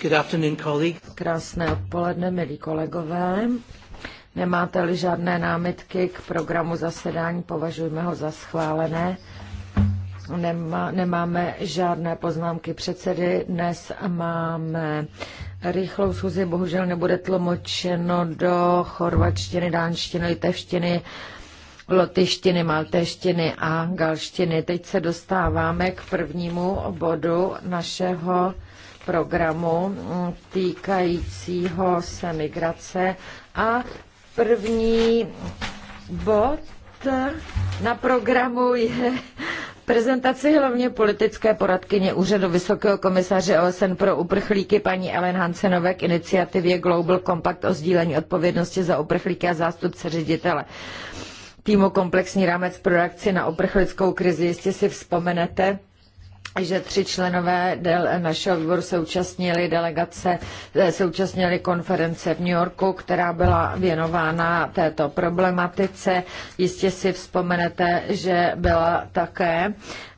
Good afternoon, colleagues. Krásné odpoledne, milí kolegové. Nemáte-li žádné námitky k programu zasedání, považujeme ho za schválené. Nemá, nemáme žádné poznámky předsedy. Dnes máme rychlou schůzi, bohužel nebude tlumočeno do chorvačtiny, dánštiny, litevštiny, lotyštiny, maltéštiny a galštiny. Teď se dostáváme k prvnímu bodu našeho programu mm, týkajícího se migrace a první bod na programu je prezentaci hlavně politické poradkyně Úřadu Vysokého komisaře OSN pro uprchlíky paní Ellen Hansenové k iniciativě Global Compact o sdílení odpovědnosti za uprchlíky a zástupce ředitele týmu Komplexní rámec pro reakci na uprchlickou krizi. Jistě si vzpomenete, že tři členové našeho výboru se účastnili delegace, eh, se účastnili konference v New Yorku, která byla věnována této problematice. Jistě si vzpomenete, že byla také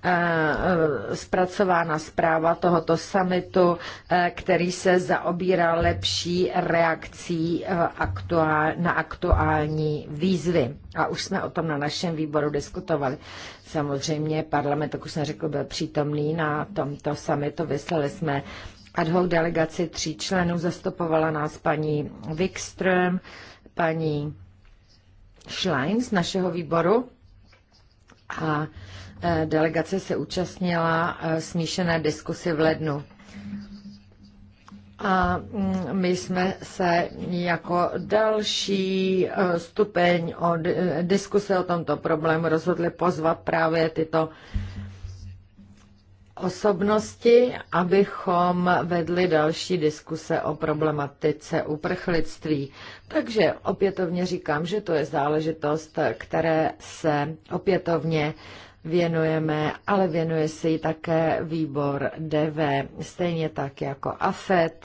eh, zpracována zpráva tohoto summitu, eh, který se zaobírá lepší reakcí na aktuální výzvy. A už jsme o tom na našem výboru diskutovali. Samozřejmě parlament, jak už jsem řekl, byl přítomný na tomto summitu. Vyslali jsme ad hoc delegaci tří členů. Zastupovala nás paní Wikström, paní Schlein z našeho výboru a eh, delegace se účastnila eh, smíšené diskusy v lednu. A mm, my jsme se jako další e, stupeň o e, diskuse o tomto problému rozhodli pozvat právě tyto osobnosti, abychom vedli další diskuse o problematice uprchlictví. Takže opětovně říkám, že to je záležitost, které se opětovně věnujeme, ale věnuje se ji také výbor DV, stejně tak jako AFET.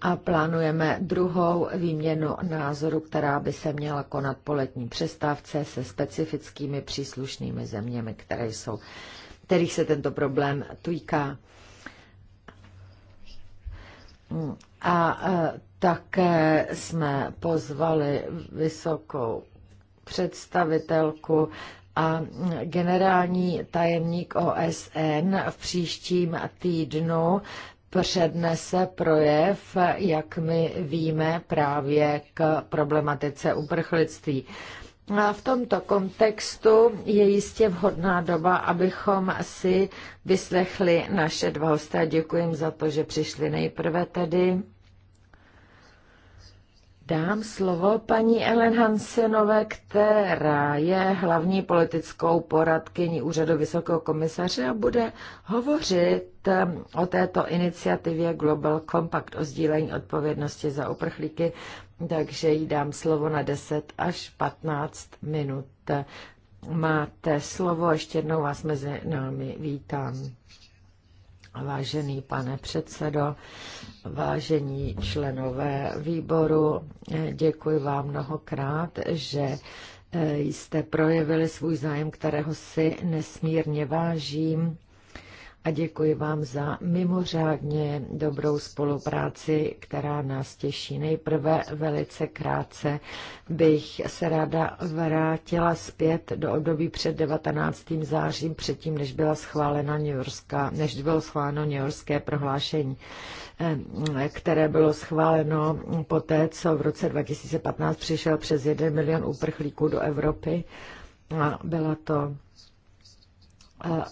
A plánujeme druhou výměnu názoru, která by se měla konat po letní přestávce se specifickými příslušnými zeměmi, které jsou, kterých se tento problém týká. A e, také jsme pozvali vysokou představitelku a generální tajemník OSN v příštím týdnu přednese projev, jak my víme, právě k problematice uprchlictví. A v tomto kontextu je jistě vhodná doba, abychom si vyslechli naše dva hosté. Děkuji za to, že přišli nejprve tedy Dám slovo paní Ellen Hansenové, která je hlavní politickou poradkyní Úřadu Vysokého komisaře a bude hovořit um, o této iniciativě Global Compact o sdílení odpovědnosti za uprchlíky, takže jí dám slovo na 10 až 15 minut. Máte slovo, ještě jednou vás mezi námi vítám. Vážený pane předsedo, vážení členové výboru, děkuji vám mnohokrát, že eh, jste projevili svůj zájem, kterého si nesmírně vážím a děkuji vám za mimořádně dobrou spolupráci, která nás těší. Nejprve velice krátce bych se ráda vrátila zpět do období před 19. zářím, předtím, než byla schválena New Yorkská, než bylo schváleno New Yorkské prohlášení eh, které bylo schváleno poté, co v roce 2015 přišel přes 1 milion uprchlíků do Evropy. A byla to eh,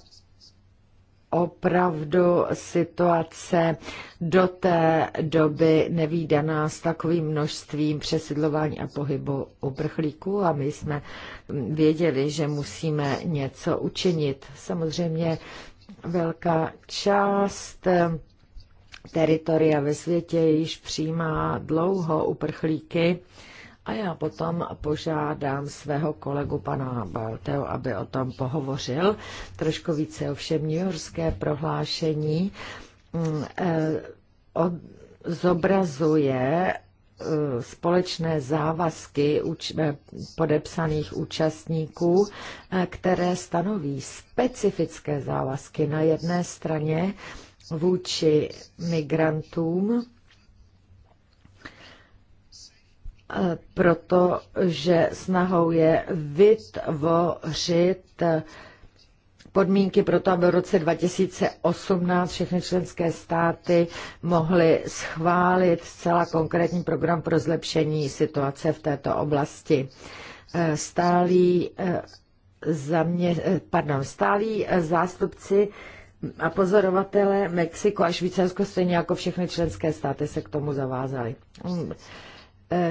opravdu situace do té doby nevýdaná s takovým množstvím přesidlování a pohybu uprchlíků a my jsme věděli, že musíme něco učinit. Samozřejmě velká část teritoria ve světě již přijímá dlouho uprchlíky a já potom požádám svého kolegu pana Balteo, aby o tom pohovořil. Trošku více všem New Yorkské prohlášení mm, eh, zobrazuje eh, společné závazky eh, podepsaných účastníků, které stanoví specifické závazky na jedné straně vůči migrantům protože snahou je vytvořit podmínky pro to, aby v roce 2018 všechny členské státy mohly schválit zcela konkrétní program pro zlepšení situace v této oblasti. Stálí, zamě, pardon, stálí zástupci a pozorovatele Mexiko a Švýcarsko stejně jako všechny členské státy se k tomu zavázali.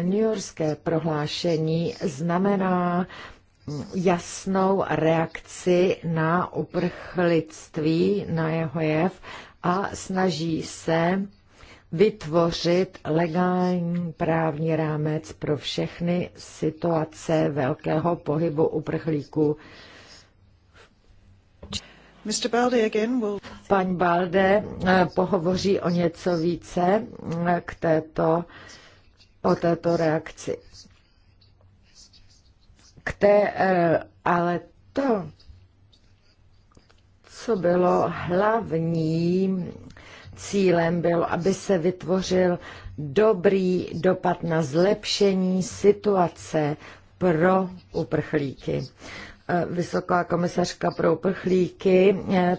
New Yorkské prohlášení znamená jasnou reakci na uprchlictví, na jeho jev a snaží se vytvořit legální právní rámec pro všechny situace velkého pohybu uprchlíků. Paní Pan Balde eh, pohovoří o něco více eh, k této o této reakci. K té, eh, ale to, co bylo hlavním cílem, bylo, aby se vytvořil dobrý dopad na zlepšení situace pro uprchlíky. Eh, Vysoká komisařka pro uprchlíky eh,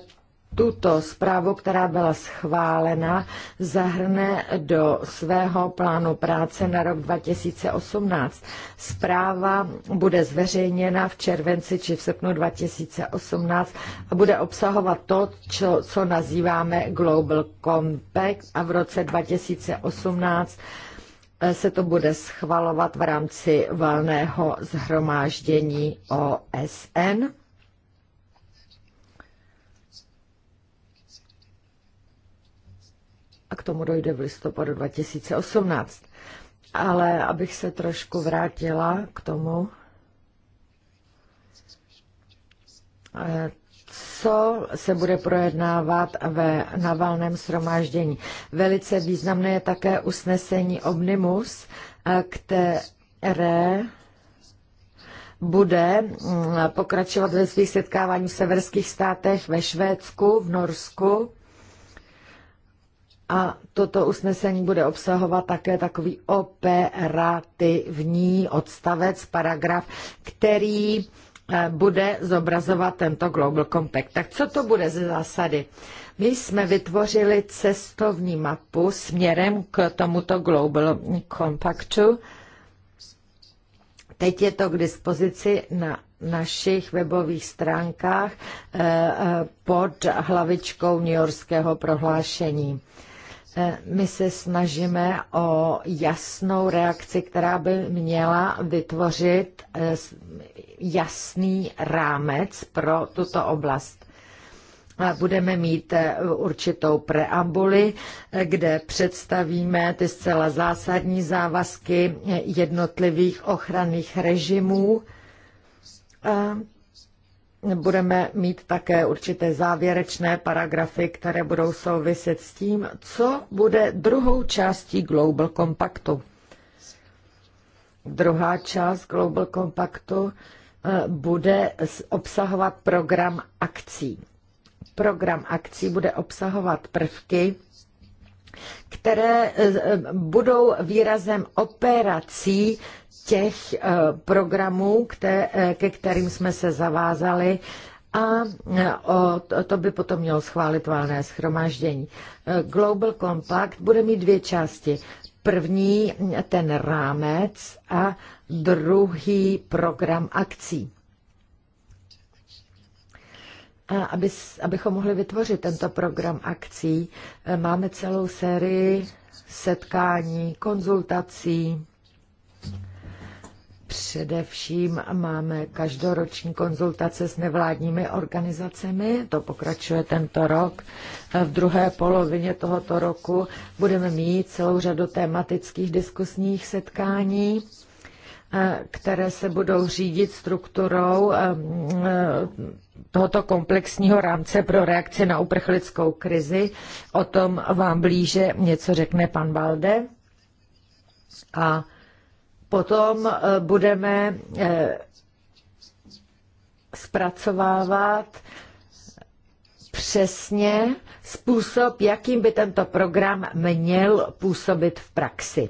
tuto zprávu, která byla schválena, zahrne do svého plánu práce na rok 2018. Zpráva bude zveřejněna v červenci či v srpnu 2018 a bude obsahovat to, čo, co nazýváme Global Compact a v roce 2018 eh, se to bude schvalovat v rámci valného zhromáždění OSN a k tomu dojde v listopadu 2018. Ale abych se trošku vrátila k tomu, co se bude projednávat ve navalném shromáždění. Velice významné je také usnesení Omnimus, které bude mm, pokračovat ve svých setkávání v severských státech, ve Švédsku, v Norsku a toto usnesení bude obsahovat také takový operativní odstavec, paragraf, který eh, bude zobrazovat tento Global Compact. Tak co to bude ze zásady? My jsme vytvořili cestovní mapu směrem k tomuto Global Compactu. Teď je to k dispozici na našich webových stránkách eh, eh, pod hlavičkou New Yorkského prohlášení. Eh, my se snažíme o jasnou reakci, která by měla vytvořit eh, jasný rámec pro tuto oblast. Budeme mít eh, určitou preambuli, kde představíme ty zcela zásadní závazky jednotlivých ochranných režimů budeme mít také určité závěrečné paragrafy, které budou souviset s tím, co bude druhou částí Global Compactu. Druhá část Global Compactu eh, bude obsahovat program akcí. Program akcí bude obsahovat prvky, které eh, budou výrazem operací těch eh, programů, eh, ke kterým jsme se zavázali a eh, to by potom mělo schválit válné schromáždění. Global Compact bude mít dvě části. První ten rámec a druhý program akcí. A aby, abychom mohli vytvořit tento program akcí, máme celou sérii setkání, konzultací, Především máme každoroční konzultace s nevládními organizacemi, to pokračuje tento rok. V druhé polovině tohoto roku budeme mít celou řadu tematických diskusních setkání které se budou řídit strukturou eh, tohoto komplexního rámce pro reakci na uprchlickou krizi. O tom vám blíže něco řekne pan Balde. A Potom eh, budeme eh, zpracovávat přesně způsob, jakým by tento program měl působit v praxi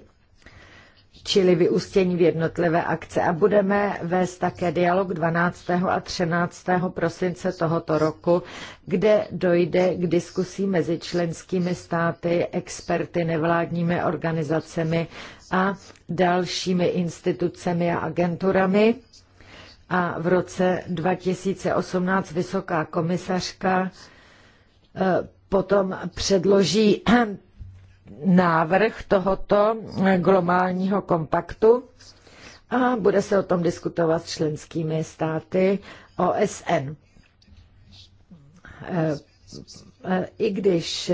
čili vyústění v jednotlivé akce. A budeme vést také dialog 12. a 13. prosince tohoto roku, kde dojde k diskusí mezi členskými státy, experty, nevládními organizacemi a dalšími institucemi a agenturami. A v roce 2018 vysoká komisařka eh, potom předloží návrh tohoto globálního kompaktu a bude se o tom diskutovat s členskými státy OSN. Eh, eh, I když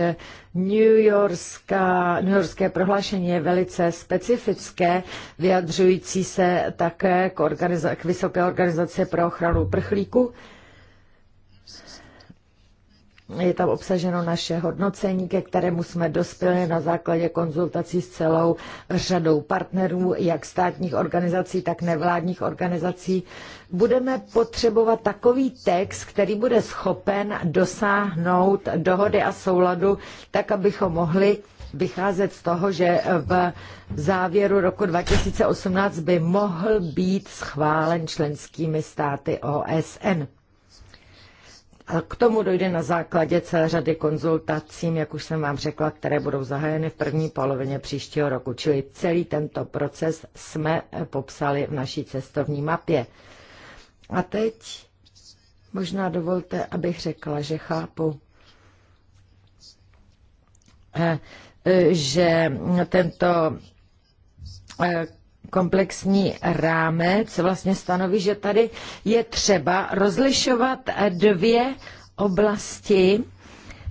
New, Yorkská, New Yorkské prohlášení je velice specifické, vyjadřující se také k, organiza- k Vysoké organizaci pro ochranu prchlíku, je tam obsaženo naše hodnocení, ke kterému jsme dospěli na základě konzultací s celou řadou partnerů, jak státních organizací, tak nevládních organizací. Budeme potřebovat takový text, který bude schopen dosáhnout dohody a souladu, tak abychom mohli vycházet z toho, že v závěru roku 2018 by mohl být schválen členskými státy OSN. K tomu dojde na základě celé řady konzultacím, jak už jsem vám řekla, které budou zahájeny v první polovině příštího roku. Čili celý tento proces jsme eh, popsali v naší cestovní mapě. A teď možná dovolte, abych řekla, že chápu, eh, eh, že tento komplexní rámec vlastně stanoví, že tady je třeba rozlišovat dvě oblasti.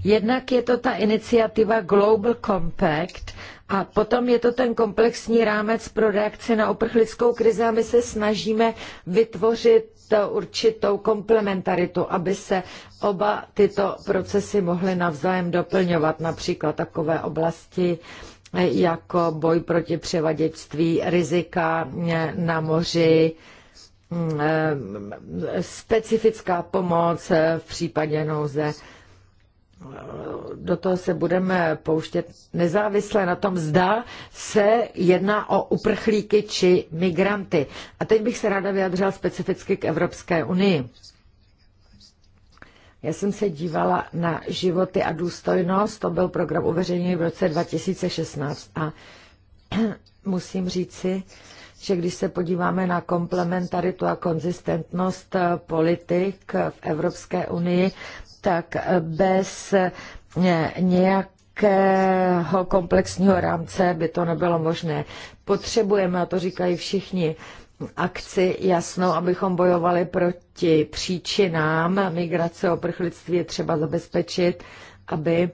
Jednak je to ta iniciativa Global Compact a potom je to ten komplexní rámec pro reakci na uprchlickou krizi a my se snažíme vytvořit určitou komplementaritu, aby se oba tyto procesy mohly navzájem doplňovat, například takové oblasti jako boj proti převaděčství, rizika na moři, mm, eh, specifická pomoc v případě nouze. Do toho se budeme pouštět nezávisle na tom, zda se jedná o uprchlíky či migranty. A teď bych se ráda vyjadřila specificky k Evropské unii. Já jsem se dívala na životy a důstojnost, to byl program uveřejněný v roce 2016 a musím říci, že když se podíváme na komplementaritu a konzistentnost eh, politik eh, v Evropské unii, tak eh, bez nějak nějakého komplexního rámce by to nebylo možné. Potřebujeme, a to říkají všichni, akci jasnou, abychom bojovali proti příčinám migrace a oprchlictví, je třeba zabezpečit, aby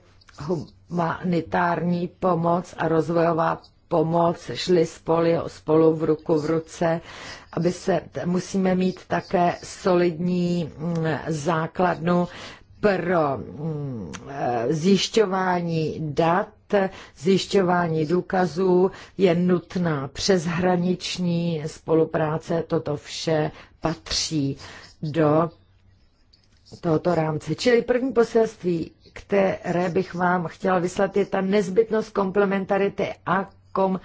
humanitární pomoc a rozvojová pomoc šly spolu, spolu v ruku v ruce, aby se, musíme mít také solidní mm, základnu pro mm, e, zjišťování dat zjišťování důkazů, je nutná přeshraniční spolupráce, toto vše patří do tohoto rámce. Čili první poselství, které bych vám chtěla vyslat, je ta nezbytnost komplementarity a kom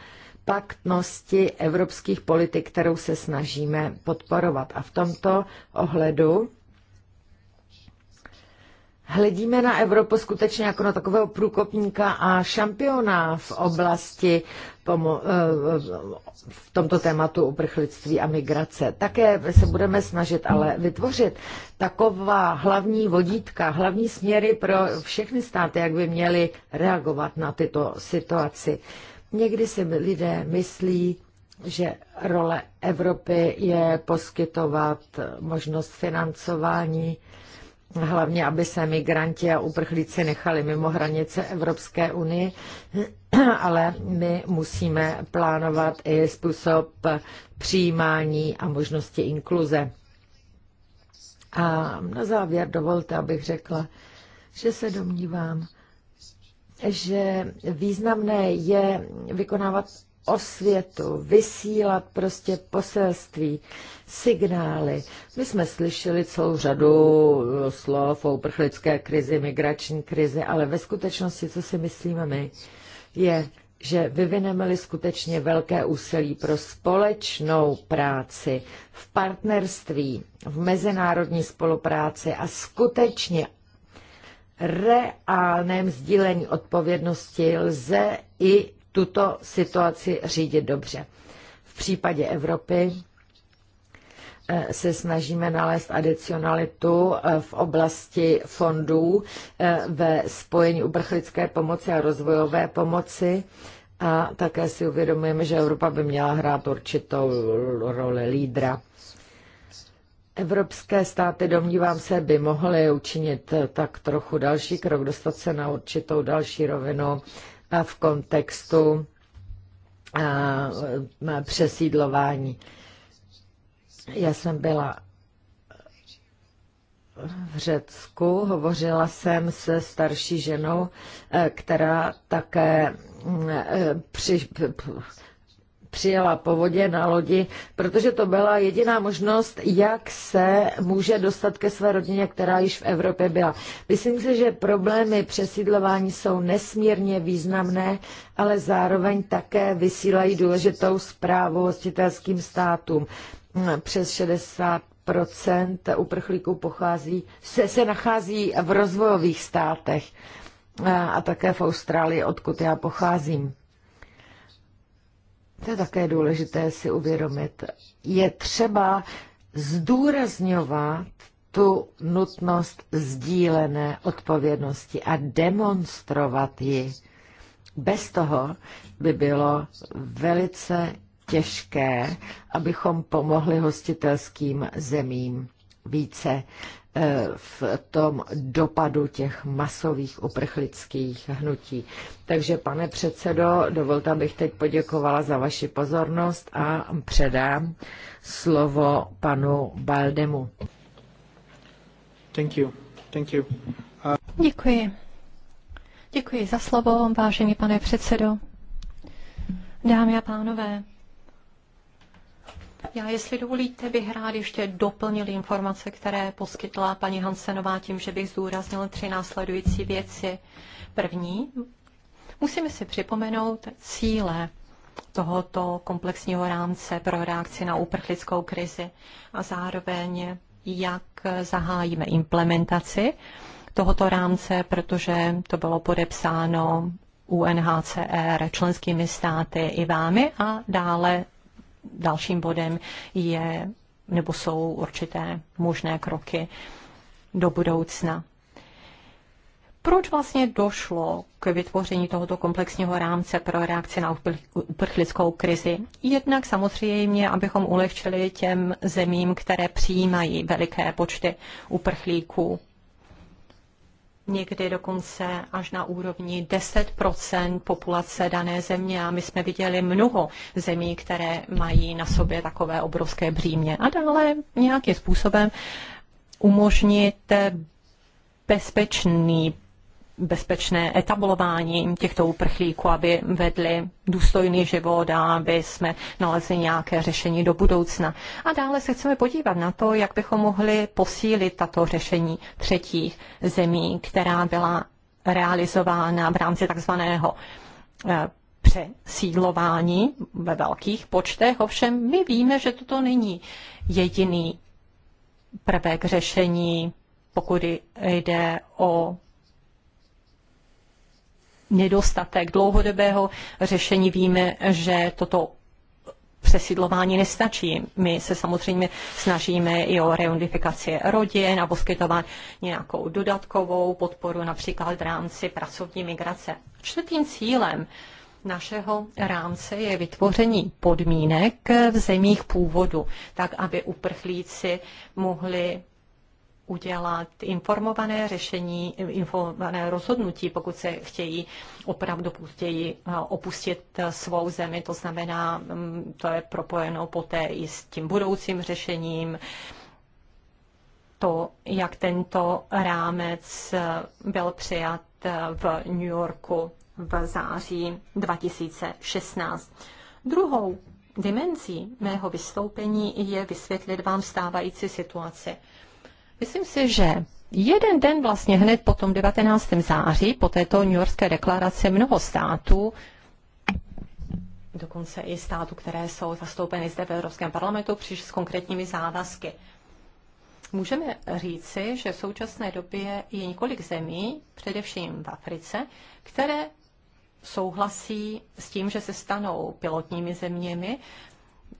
kompaktnosti evropských politik, kterou se snažíme podporovat. A v tomto ohledu hledíme na Evropu skutečně jako na takového průkopníka a šampiona v oblasti pomo- eh, v tomto tématu uprchlictví a migrace. Také se budeme snažit ale vytvořit taková hlavní vodítka, hlavní směry pro všechny státy, jak by měly reagovat na tyto situaci. Někdy si lidé myslí, že role Evropy je poskytovat možnost financování hlavně aby se migranti a uprchlíci nechali mimo hranice Evropské unie, ale my musíme plánovat i způsob přijímání a možnosti inkluze. A na závěr dovolte, abych řekla, že se domnívám, že významné je vykonávat osvětu, vysílat prostě poselství, signály. My jsme slyšeli celou řadu eh, slov o uprchlické krizi, migrační krizi, ale ve skutečnosti, co si myslíme my, je, že vyvineme-li skutečně velké úsilí pro společnou práci v partnerství, v mezinárodní spolupráci a skutečně reálném sdílení odpovědnosti lze i tuto situaci řídit dobře. V případě Evropy eh, se snažíme nalézt adicionalitu eh, v oblasti fondů eh, ve spojení uprchlické pomoci a rozvojové pomoci. A také si uvědomujeme, že Evropa by měla hrát určitou roli lídra. Evropské státy, domnívám se, by mohly učinit tak trochu další krok, dostat se na určitou další rovinu v kontextu přesídlování. Já jsem byla v Řecku, hovořila jsem se starší ženou, e, která také e, při, přijela po vodě na lodi, protože to byla jediná možnost, jak se může dostat ke své rodině, která již v Evropě byla. Myslím si, že problémy přesídlování jsou nesmírně významné, ale zároveň také vysílají důležitou zprávu hostitelským státům. Přes 60 procent uprchlíků pochází, se, se nachází v rozvojových státech a, také v Austrálii, odkud já pocházím. To je také důležité si uvědomit. Je třeba zdůrazňovat tu nutnost sdílené odpovědnosti a demonstrovat ji. Bez toho by bylo velice těžké, abychom pomohli hostitelským zemím více. Eh, v tom dopadu těch masových uprchlických hnutí. Takže, pane předsedo, dovolte, abych teď poděkovala za vaši pozornost a předám slovo panu Baldemu. Thank you. Thank you. Uh... Děkuji. Děkuji za slovo, vážený pane předsedo. Dámy a pánové, já, jestli dovolíte, bych rád ještě doplnil informace, které poskytla paní Hansenová tím, že bych zdůraznil tři následující věci. První, musíme si připomenout cíle tohoto komplexního rámce pro reakci na uprchlickou krizi a zároveň, jak zahájíme implementaci tohoto rámce, protože to bylo podepsáno UNHCR, členskými státy i vámi a dále dalším bodem je nebo jsou určité možné kroky do budoucna. Proč vlastně došlo k vytvoření tohoto komplexního rámce pro reakci na uprchlickou krizi? Jednak samozřejmě, abychom ulehčili těm zemím, které přijímají veliké počty uprchlíků někdy dokonce až na úrovni 10 populace dané země. A my jsme viděli mnoho zemí, které mají na sobě takové obrovské břímě. A dále nějakým způsobem umožnit bezpečný bezpečné etablování těchto uprchlíků, aby vedli důstojný život a aby jsme nalezli nějaké řešení do budoucna. A dále se chceme podívat na to, jak bychom mohli posílit tato řešení třetích zemí, která byla realizována v rámci takzvaného eh, přesídlování ve velkých počtech. Ovšem my víme, že toto není jediný prvek řešení, pokud jde o nedostatek dlouhodobého řešení. Víme, že toto přesidlování nestačí. My se samozřejmě snažíme i o reunifikaci rodin a poskytovat nějakou dodatkovou podporu například v rámci pracovní migrace. Čtvrtým cílem našeho rámce je vytvoření podmínek v zemích původu, tak aby uprchlíci mohli udělat informované řešení, informované rozhodnutí, pokud se chtějí opravdu chtějí eh, opustit eh, svou zemi. To znamená, mm, to je propojeno poté i s tím budoucím řešením, to, jak tento rámec eh, byl přijat v New Yorku v září 2016. Druhou dimenzí mého vystoupení je vysvětlit vám stávající situaci. Myslím si, že jeden den vlastně hned po tom 19. září, po této New Yorkské deklaraci mnoho států, dokonce i států, které jsou zastoupeny zde v Evropském parlamentu, přišli s konkrétními závazky. Můžeme říci, že v současné době je několik zemí, především v Africe, které souhlasí s tím, že se stanou pilotními zeměmi,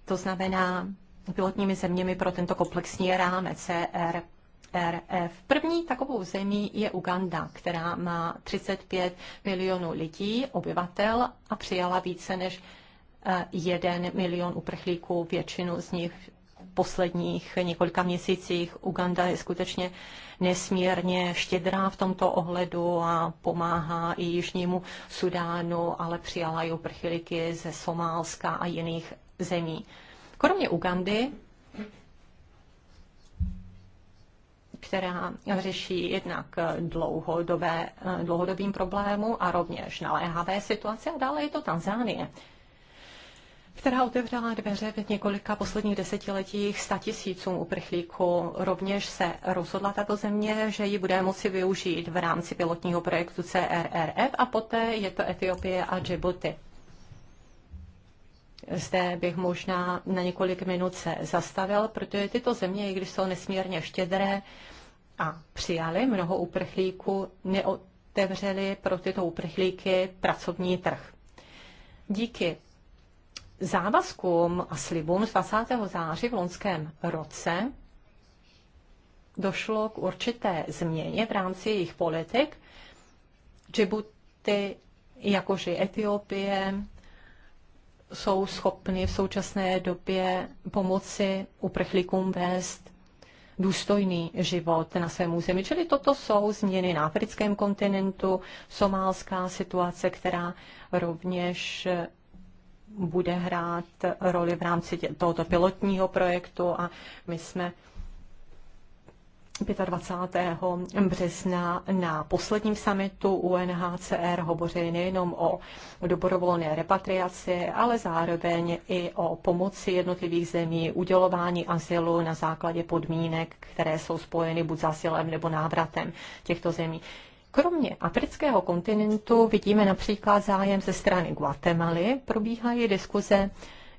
to znamená pilotními zeměmi pro tento komplexní rámec CRP RF. První takovou zemí je Uganda, která má 35 milionů lidí, obyvatel a přijala více než 1 eh, milion uprchlíků, většinu z nich v posledních několika měsících. Uganda je skutečně nesmírně štědrá v tomto ohledu a pomáhá i Jižnímu Sudánu, ale přijala i uprchlíky ze Somálska a jiných zemí. Kromě Ugandy která řeší jednak dlouhodobé, dlouhodobým problému a rovněž naléhavé situace a dále je to Tanzánie která otevřela dveře v několika posledních desetiletích statisícům uprchlíků. Rovněž se rozhodla tato země, že ji bude moci využít v rámci pilotního projektu CRRF a poté je to Etiopie a Djibouti. Zde bych možná na několik minut se zastavil, protože tyto země, i když jsou nesmírně štědré a přijali mnoho uprchlíků, neotevřeli pro tyto uprchlíky pracovní trh. Díky závazkům a slibům z 20. září v loňském roce došlo k určité změně v rámci jejich politik. Džibuty, jakož i Etiopie, jsou schopny v současné době pomoci uprchlíkům vést důstojný život na svém území. Čili toto jsou změny na africkém kontinentu, somálská situace, která rovněž bude hrát roli v rámci tohoto pilotního projektu a my jsme 25. března na posledním summitu UNHCR hovořili nejenom o dobrovolné repatriaci, ale zároveň i o pomoci jednotlivých zemí, udělování asilu na základě podmínek, které jsou spojeny buď s asilem nebo návratem těchto zemí. Kromě afrického kontinentu vidíme například zájem ze strany Guatemaly, probíhají diskuze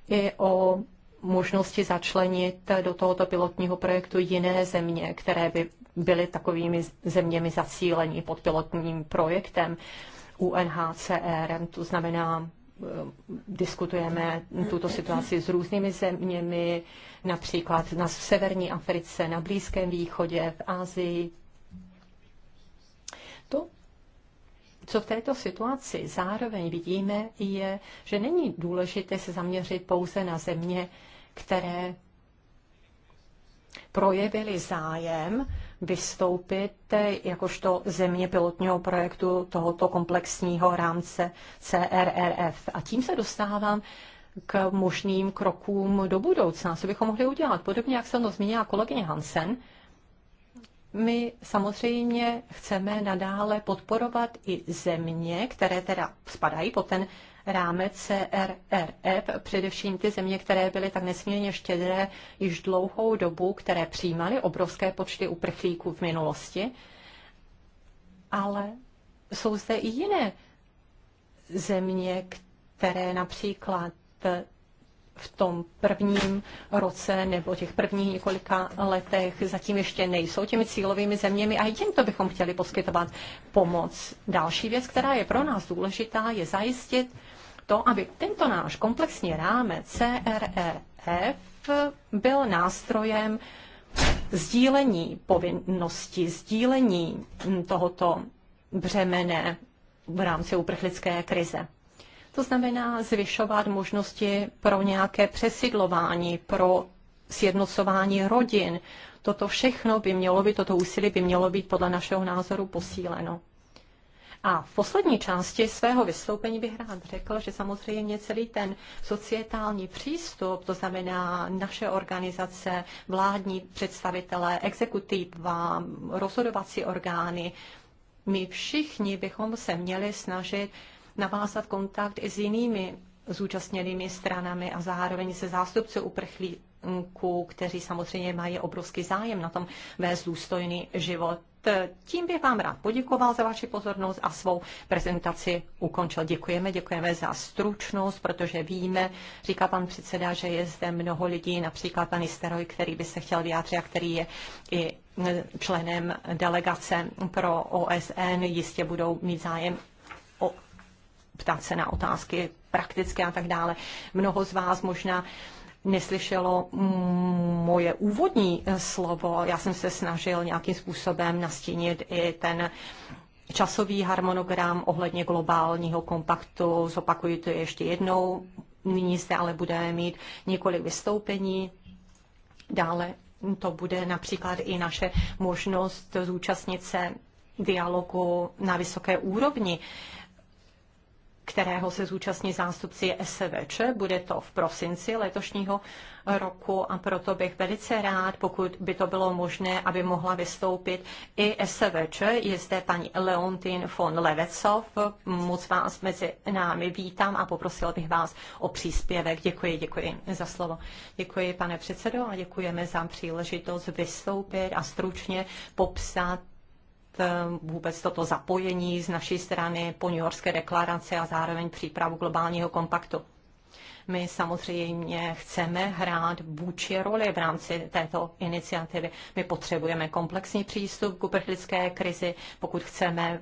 i o možnosti začlenit do tohoto pilotního projektu jiné země, které by byly takovými zeměmi zasílení pod pilotním projektem UNHCR. E to znamená, eh, diskutujeme tuto situaci s různými zeměmi, například na severní Africe, na Blízkém východě, v Asii. To, co v této situaci zároveň vidíme, je, že není důležité se zaměřit pouze na země, které projevili zájem vystoupit eh, jakožto země pilotního projektu tohoto komplexního rámce CRRF. A tím se dostávám k možným krokům do budoucna, co bychom mohli udělat. Podobně, jak jsem to zmínila kolegyně Hansen, my samozřejmě chceme nadále podporovat i země, které teda spadají pod ten rámec CRRF, především ty země, které byly tak nesmírně štědré již dlouhou dobu, které přijímaly obrovské počty uprchlíků v minulosti. Ale jsou zde i jiné země, které například v tom prvním roce nebo těch prvních několika letech zatím ještě nejsou těmi cílovými zeměmi a i těmto bychom chtěli poskytovat pomoc. Další věc, která je pro nás důležitá, je zajistit to, aby tento náš komplexní rámec CRRF e byl nástrojem sdílení povinnosti, sdílení tohoto břemene v rámci uprchlické krize. To znamená zvyšovat možnosti pro nějaké přesidlování, pro sjednocování rodin. Toto všechno by mělo být, toto úsilí by mělo být podle našeho názoru posíleno. A v poslední části svého vystoupení bych rád řekl, že samozřejmě celý ten societální přístup, to znamená naše organizace, vládní představitelé, exekutiva, rozhodovací orgány, my všichni bychom se měli snažit navázat kontakt i s jinými zúčastněnými stranami a zároveň se zástupci uprchlíků, kteří samozřejmě mají obrovský zájem na tom vést důstojný život tím bych vám rád poděkoval za vaši pozornost a svou prezentaci ukončil. Děkujeme, děkujeme za stručnost, protože víme, říká pan předseda, že je zde mnoho lidí, například pan Isteroj, který by se chtěl vyjádřit a který je i členem delegace pro OSN, jistě budou mít zájem o ptát se na otázky praktické a tak dále. Mnoho z vás možná neslyšelo mm, moje úvodní eh, slovo. Já jsem se snažil nějakým způsobem nastínit i ten časový harmonogram ohledně globálního kompaktu. Zopakuju to ještě jednou. Nyní zde ale budeme mít několik vystoupení. Dále to bude například i naše možnost zúčastnit se dialogu na vysoké úrovni kterého se zúčastní zástupci SVČ. Bude to v prosinci letošního roku a proto bych velice rád, pokud by to bylo možné, aby mohla vystoupit i SVČ. Je zde paní Leontin von Levecov. Moc vás mezi námi vítám a poprosil bych vás o příspěvek. Děkuji, děkuji za slovo. Děkuji, pane předsedo, a děkujeme za příležitost vystoupit a stručně popsat Eh, vůbec toto zapojení z naší strany po New Yorkské deklaraci a zároveň přípravu globálního kompaktu. My samozřejmě chceme hrát vůči roli v rámci této iniciativy. My potřebujeme komplexní přístup k uprchlické krizi, pokud chceme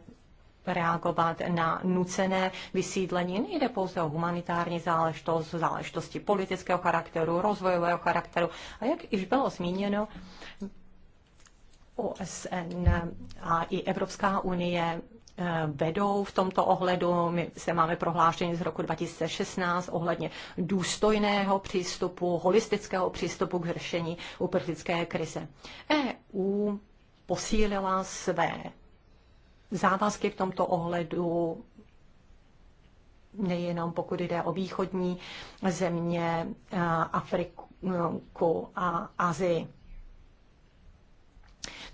reagovat na nucené vysídlení. Nejde pouze o humanitární záležitost, záležitosti politického charakteru, rozvojového charakteru. A jak již bylo zmíněno, OSN a i Evropská unie eh, vedou v tomto ohledu. My se máme prohlášení z roku 2016 ohledně důstojného přístupu, holistického přístupu k řešení uprchlické krize. EU posílila své závazky v tomto ohledu nejenom pokud jde o východní země, eh, Afriku eh, a Azii.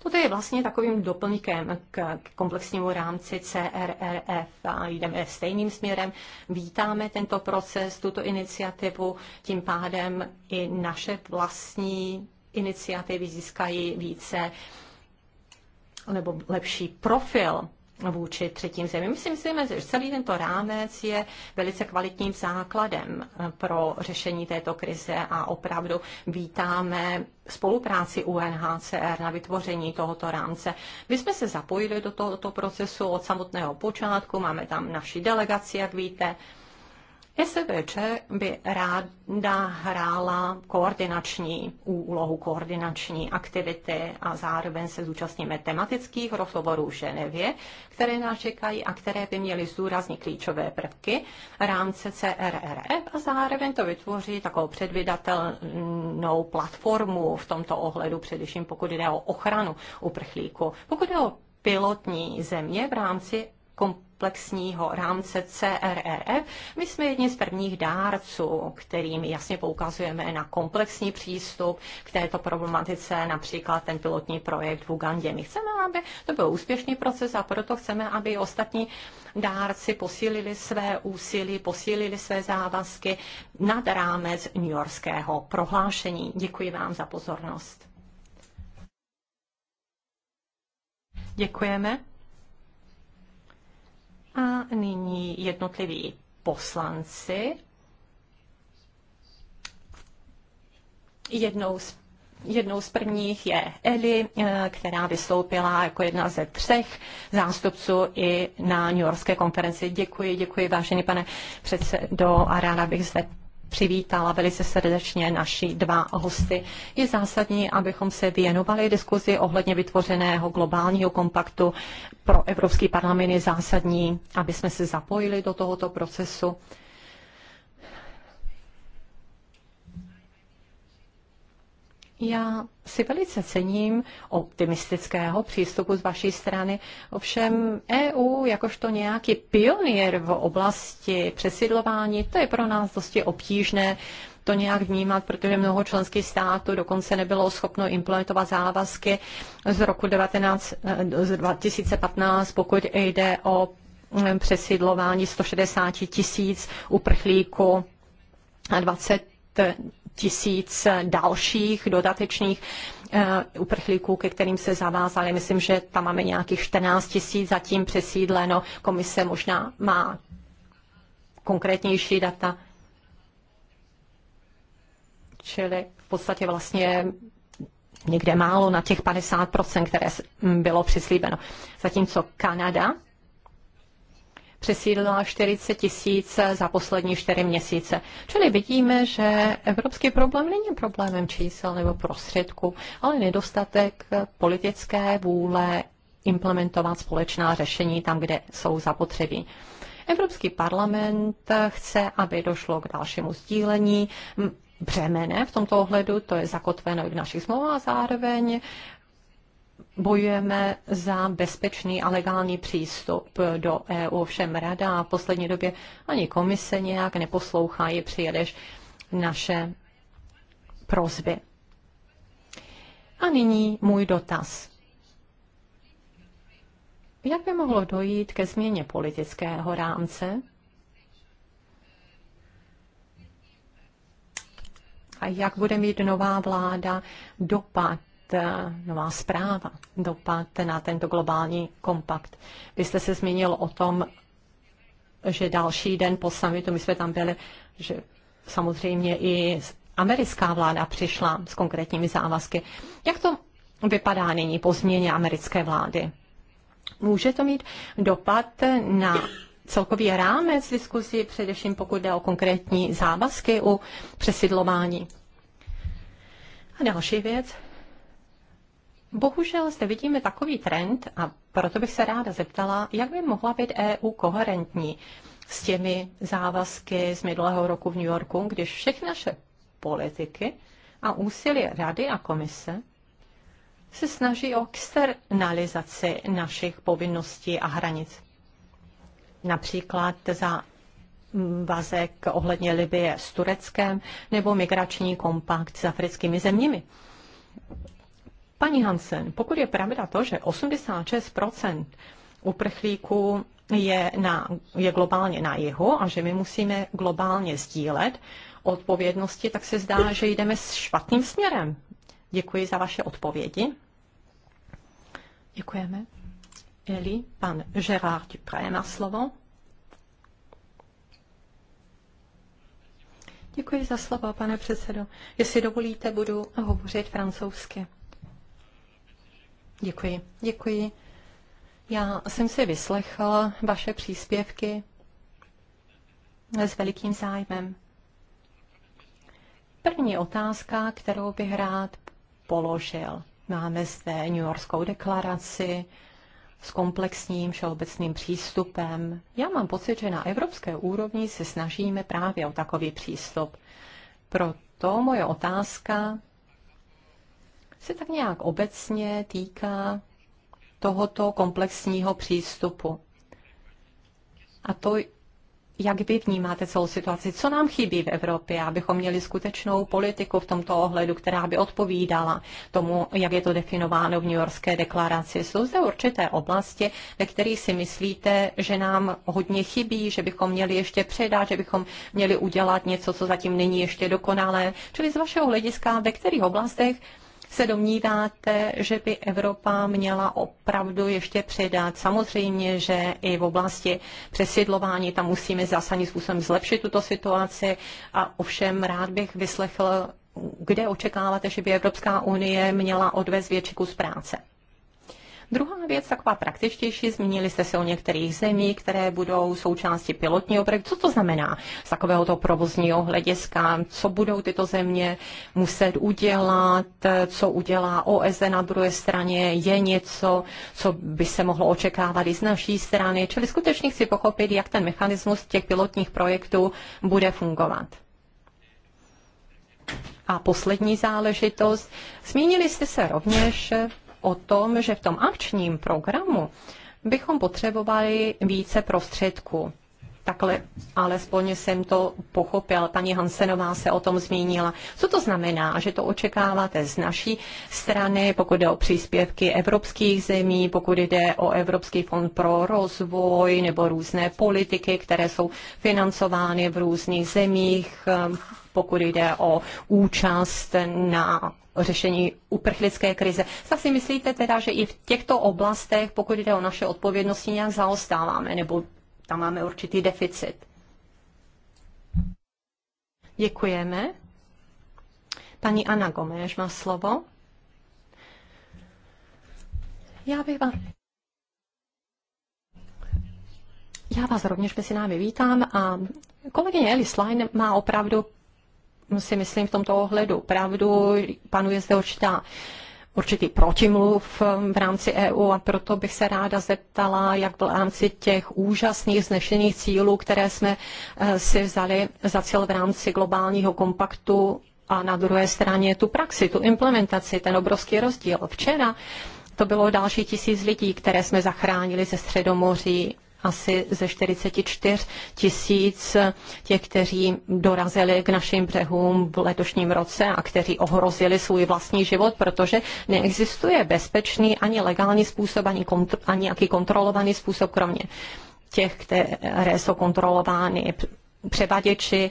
Toto je vlastně takovým doplňkem k komplexnímu rámci CRRF a jdeme stejným směrem. Vítáme tento proces, tuto iniciativu, tím pádem i naše vlastní iniciativy získají více nebo lepší profil vůči třetím zemím. My si myslíme, že celý tento rámec je velice kvalitním základem pro řešení této krize a opravdu vítáme spolupráci UNHCR na vytvoření tohoto rámce. My jsme se zapojili do tohoto procesu od samotného počátku, máme tam naši delegaci, jak víte, SVČ by ráda hrála koordinační úlohu, koordinační aktivity a zároveň se zúčastníme tematických rozhovorů v Ženevě, které nás čekají a které by měly zdůraznit klíčové prvky rámce CRRF a zároveň to vytvoří takovou předvydatelnou platformu v tomto ohledu, především pokud jde o ochranu uprchlíku. Pokud jde o pilotní země v rámci kom- komplexního rámce CRRF. E. My jsme jedni z prvních dárců, kterým jasně poukazujeme na komplexní přístup k této problematice, například ten pilotní projekt v Ugandě. My chceme, aby to byl úspěšný proces a proto chceme, aby ostatní dárci posílili své úsilí, posílili své závazky nad rámec New Yorkského prohlášení. Děkuji vám za pozornost. Děkujeme nyní jednotliví poslanci. Jednou z Jednou z prvních je Eli, eh, která vystoupila jako jedna ze třech zástupců i na New Yorkské konferenci. Děkuji, děkuji, vážený pane předsedo, a ráda bych zde přivítala velice srdečně naši dva hosty. Je zásadní, abychom se věnovali diskuzi ohledně vytvořeného globálního kompaktu. Pro Evropský parlament je zásadní, aby jsme se zapojili do tohoto procesu. Já si velice cením optimistického přístupu z vaší strany. Ovšem EU, jakožto nějaký pionýr v oblasti přesidlování, to je pro nás dosti obtížné to nějak vnímat, protože mnoho členských států dokonce nebylo schopno implementovat závazky z roku 19, eh, z 2015, pokud jde o eh, přesídlování 160 tisíc uprchlíků a 20 tisíc dalších dodatečných eh, uprchlíků, ke kterým se zavázali. Myslím, že tam máme nějakých 14 tisíc zatím přesídleno. Komise možná má konkrétnější data. Čili v podstatě vlastně někde málo na těch 50%, které bylo přislíbeno. Zatímco Kanada přesídlila 40 tisíc za poslední čtyři měsíce. Čili vidíme, že evropský problém není problémem čísel nebo prostředku, ale nedostatek politické vůle implementovat společná řešení tam, kde jsou zapotřebí. Evropský parlament chce, aby došlo k dalšímu sdílení břemene v tomto ohledu, to je zakotveno i v našich smlouvách a zároveň bojujeme za bezpečný a legální přístup do EU. Všem rada a v poslední době ani komise nějak neposlouchají příliš naše prozby. A nyní můj dotaz. Jak by mohlo dojít ke změně politického rámce? A jak bude mít nová vláda dopad Eh, nová zpráva, dopad na tento globální kompakt. Vy jste se zmínil o tom, že další den po samitu, my jsme tam byli, že samozřejmě i americká vláda přišla s konkrétními závazky. Jak to vypadá nyní po změně americké vlády? Může to mít dopad na celkový rámec diskuzi, především pokud jde o konkrétní závazky u přesidlování. A další věc, Bohužel zde vidíme takový trend a proto bych se ráda zeptala, jak by mohla být EU koherentní s těmi závazky z minulého roku v New Yorku, když všechny naše politiky a úsilí Rady a Komise se snaží o externalizaci našich povinností a hranic. Například za vazek ohledně Libie s Tureckem nebo migrační kompakt s africkými zeměmi. Paní Hansen, pokud je pravda to, že 86 uprchlíků je, na, je globálně na jihu a že my musíme globálně sdílet odpovědnosti, tak se zdá, že jdeme s špatným směrem. Děkuji za vaše odpovědi. Děkujeme. Eli, pan Gerard Dupré má slovo. Děkuji za slovo, pane předsedo. Jestli dovolíte, budu hovořit francouzsky. Děkuji, děkuji. Já jsem si vyslechla vaše příspěvky s velikým zájmem. První otázka, kterou bych rád položil. Máme zde New Yorkskou deklaraci s komplexním všeobecným přístupem. Já mám pocit, že na evropské úrovni se snažíme právě o takový přístup. Proto moje otázka se tak nějak obecně týká tohoto komplexního přístupu. A to, jak vy vnímáte celou situaci, co nám chybí v Evropě, abychom měli skutečnou politiku v tomto ohledu, která by odpovídala tomu, jak je to definováno v New Yorkské deklaraci. Jsou zde určité oblasti, ve kterých si myslíte, že nám hodně chybí, že bychom měli ještě předat, že bychom měli udělat něco, co zatím není ještě dokonalé. Čili z vašeho hlediska, ve kterých oblastech se domníváte, že by Evropa měla opravdu ještě přidat? Samozřejmě, že i v oblasti přesidlování tam musíme zásadním způsobem zlepšit tuto situaci a ovšem rád bych vyslechl, kde očekáváte, že by Evropská unie měla odvést větší kus práce? Druhá věc, taková praktičtější, zmínili jste se o některých zemí, které budou součástí pilotního projektu. Co to znamená z takového toho provozního hlediska? Co budou tyto země muset udělat? Co udělá OSN na druhé straně? Je něco, co by se mohlo očekávat i z naší strany? Čili skutečně chci pochopit, jak ten mechanismus těch pilotních projektů bude fungovat. A poslední záležitost. Zmínili jste se rovněž o tom, že v tom akčním programu bychom potřebovali více prostředků. Takhle alespoň jsem to pochopil. Paní Hansenová se o tom zmínila. Co to znamená, že to očekáváte z naší strany, pokud jde o příspěvky evropských zemí, pokud jde o Evropský fond pro rozvoj nebo různé politiky, které jsou financovány v různých zemích, eh, pokud jde o účast na řešení uprchlické krize. Tak si myslíte teda, že i v těchto oblastech, pokud jde o naše odpovědnosti, nějak zaostáváme, nebo tam máme určitý deficit? Děkujeme. Paní Ana Gomeš má slovo. Já bych vám... Já vás rovněž mezi námi vítám a kolegyně Eli Schlein má opravdu si myslím v tomto ohledu pravdu. Panuje zde určitá určitý protimluv um, v rámci EU a proto bych se ráda zeptala, jak v rámci těch úžasných znešených cílů, které jsme uh, si vzali za cíl v rámci globálního kompaktu a na druhé straně tu praxi, tu implementaci, ten obrovský rozdíl. Včera to bylo další tisíc lidí, které jsme zachránili ze Středomoří asi ze 44 tisíc těch, kteří dorazili k našim břehům v letošním roce a kteří ohrozili svůj vlastní život, protože neexistuje bezpečný ani legální způsob, ani, kontro, ani jaký kontrolovaný způsob, kromě těch, které jsou kontrolovány převaděči,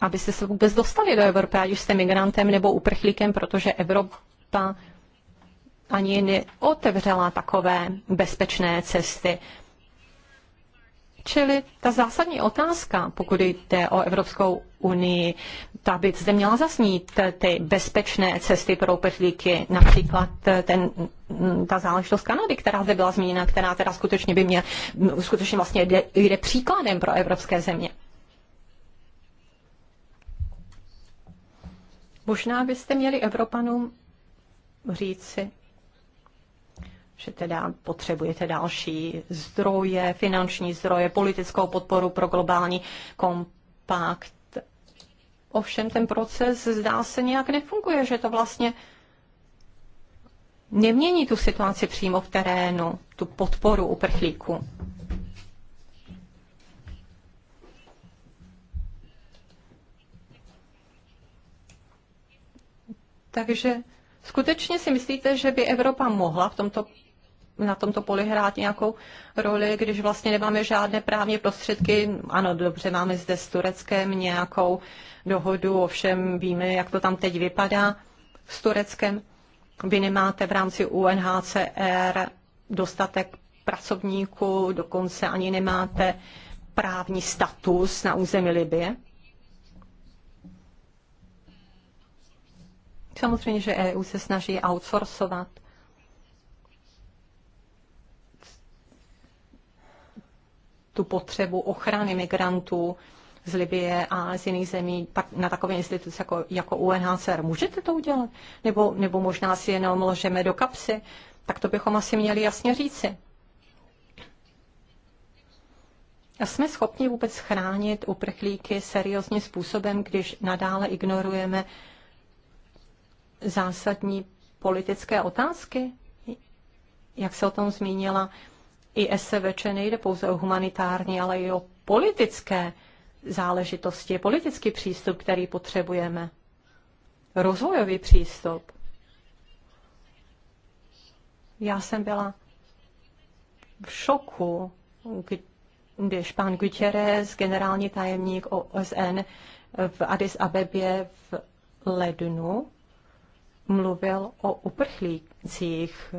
aby se vůbec dostali do Evropy, ať už jste migrantem nebo uprchlíkem, protože Evropa ani neotevřela takové bezpečné cesty Čili ta zásadní otázka, pokud jde o Evropskou unii, ta by zde měla zasnít ty bezpečné cesty pro uprchlíky, například ten, ta záležitost Kanady, která zde byla zmíněna, která teda skutečně by měla skutečně vlastně jde, jde příkladem pro evropské země. Možná byste měli Evropanům říci, že teda potřebujete další zdroje, finanční zdroje, politickou podporu pro globální kompakt. Ovšem ten proces zdá se nějak nefunguje, že to vlastně nemění tu situaci přímo v terénu, tu podporu uprchlíků. Takže skutečně si myslíte, že by Evropa mohla v tomto na tomto poli hrát nějakou roli, když vlastně nemáme žádné právní prostředky. Ano, dobře, máme zde s Tureckem nějakou dohodu, ovšem víme, jak to tam teď vypadá s Tureckem. Vy nemáte v rámci UNHCR dostatek pracovníků, dokonce ani nemáte právní status na území Libie. Samozřejmě, že EU se snaží outsourcovat tu potřebu ochrany migrantů z Libie a z jiných zemí tak na takové instituce jako, jako UNHCR. Můžete to udělat? Nebo, nebo možná si jenom ložeme do kapsy? Tak to bychom asi měli jasně říci. A jsme schopni vůbec chránit uprchlíky seriózním způsobem, když nadále ignorujeme zásadní politické otázky? Jak se o tom zmínila i SVČ nejde pouze o humanitární, ale i o politické záležitosti, politický přístup, který potřebujeme. Rozvojový přístup. Já jsem byla v šoku, když pan Gutierrez, generální tajemník OSN v Addis Abebě v lednu, mluvil o uprchlících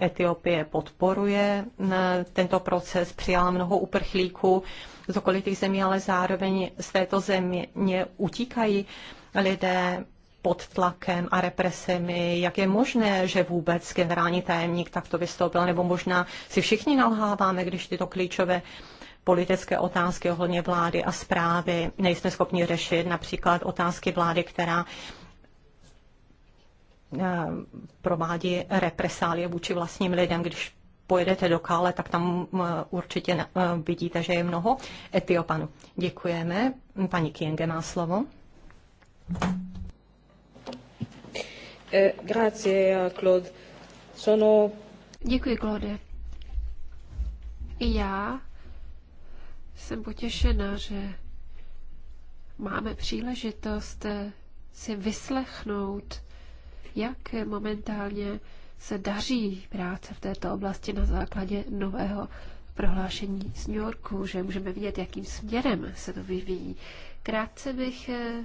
Etiopie podporuje eh, tento proces, přijala mnoho uprchlíků z okolitých zemí, ale zároveň z této země utíkají lidé pod tlakem a represemi, jak je možné, že vůbec generální tajemník takto vystoupil, nebo možná si všichni nalháváme, když tyto klíčové politické otázky ohledně vlády a zprávy nejsme schopni řešit, například otázky vlády, která Eh, provádí represálie vůči vlastním lidem, když pojedete do Kále, tak tam eh, určitě eh, vidíte, že je mnoho Etiopanů. Děkujeme. Paní Kienge má slovo. Grazie, Claude. Sono... Děkuji, Claude. I já jsem potěšena, že máme příležitost si vyslechnout jak momentálně se daří práce v této oblasti na základě nového prohlášení z New Yorku, že můžeme vidět, jakým směrem se to vyvíjí. Krátce bych eh,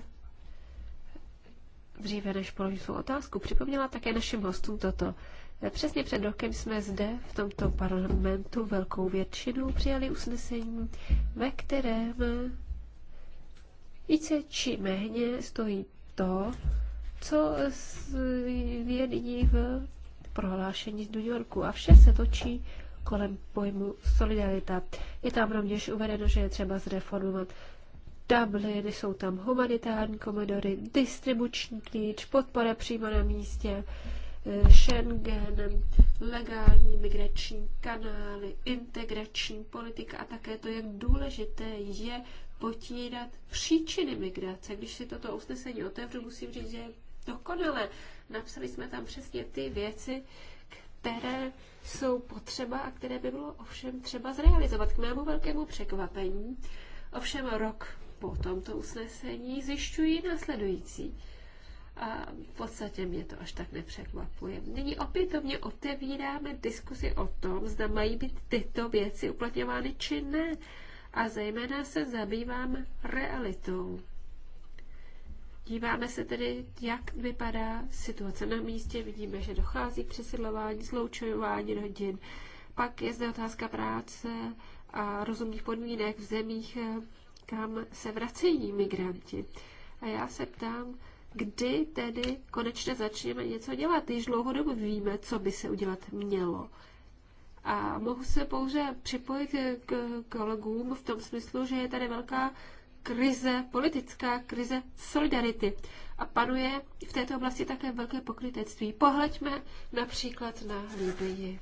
dříve než položím svou otázku, připomněla také našim hostům toto. Přesně před rokem jsme zde v tomto parlamentu velkou většinu přijali usnesení, ve kterém více či méně stojí to, co je nyní v prohlášení z New Yorku. A vše se točí kolem pojmu solidarita. Je tam rovněž uvedeno, že je třeba zreformovat Dublin, jsou tam humanitární komodory, distribuční klíč, podpora přímo na místě, eh, Schengen, legální migrační kanály, integrační politika a také to, jak důležité je potírat příčiny migrace. Když si toto usnesení otevřu, musím říct, že je dokonale. Napsali jsme tam přesně ty věci, které jsou potřeba a které by bylo ovšem třeba zrealizovat. K mému velkému překvapení, ovšem rok po tomto usnesení zjišťují následující. A v podstatě mě to až tak nepřekvapuje. Nyní opětovně otevíráme diskusi o tom, zda mají být tyto věci uplatňovány či ne. A zejména se zabývám realitou. Díváme se tedy, jak vypadá situace na místě. Vidíme, že dochází k přesilování, sloučování rodin. Pak je zde otázka práce a rozumných podmínek v zemích, kam se vracejí migranti. A já se ptám, kdy tedy konečně začneme něco dělat. Již dlouhodobu víme, co by se udělat mělo. A mohu se pouze připojit k kolegům v tom smyslu, že je tady velká krize, politická krize solidarity. A panuje v této oblasti také velké pokrytectví. Pohleďme například na Libii.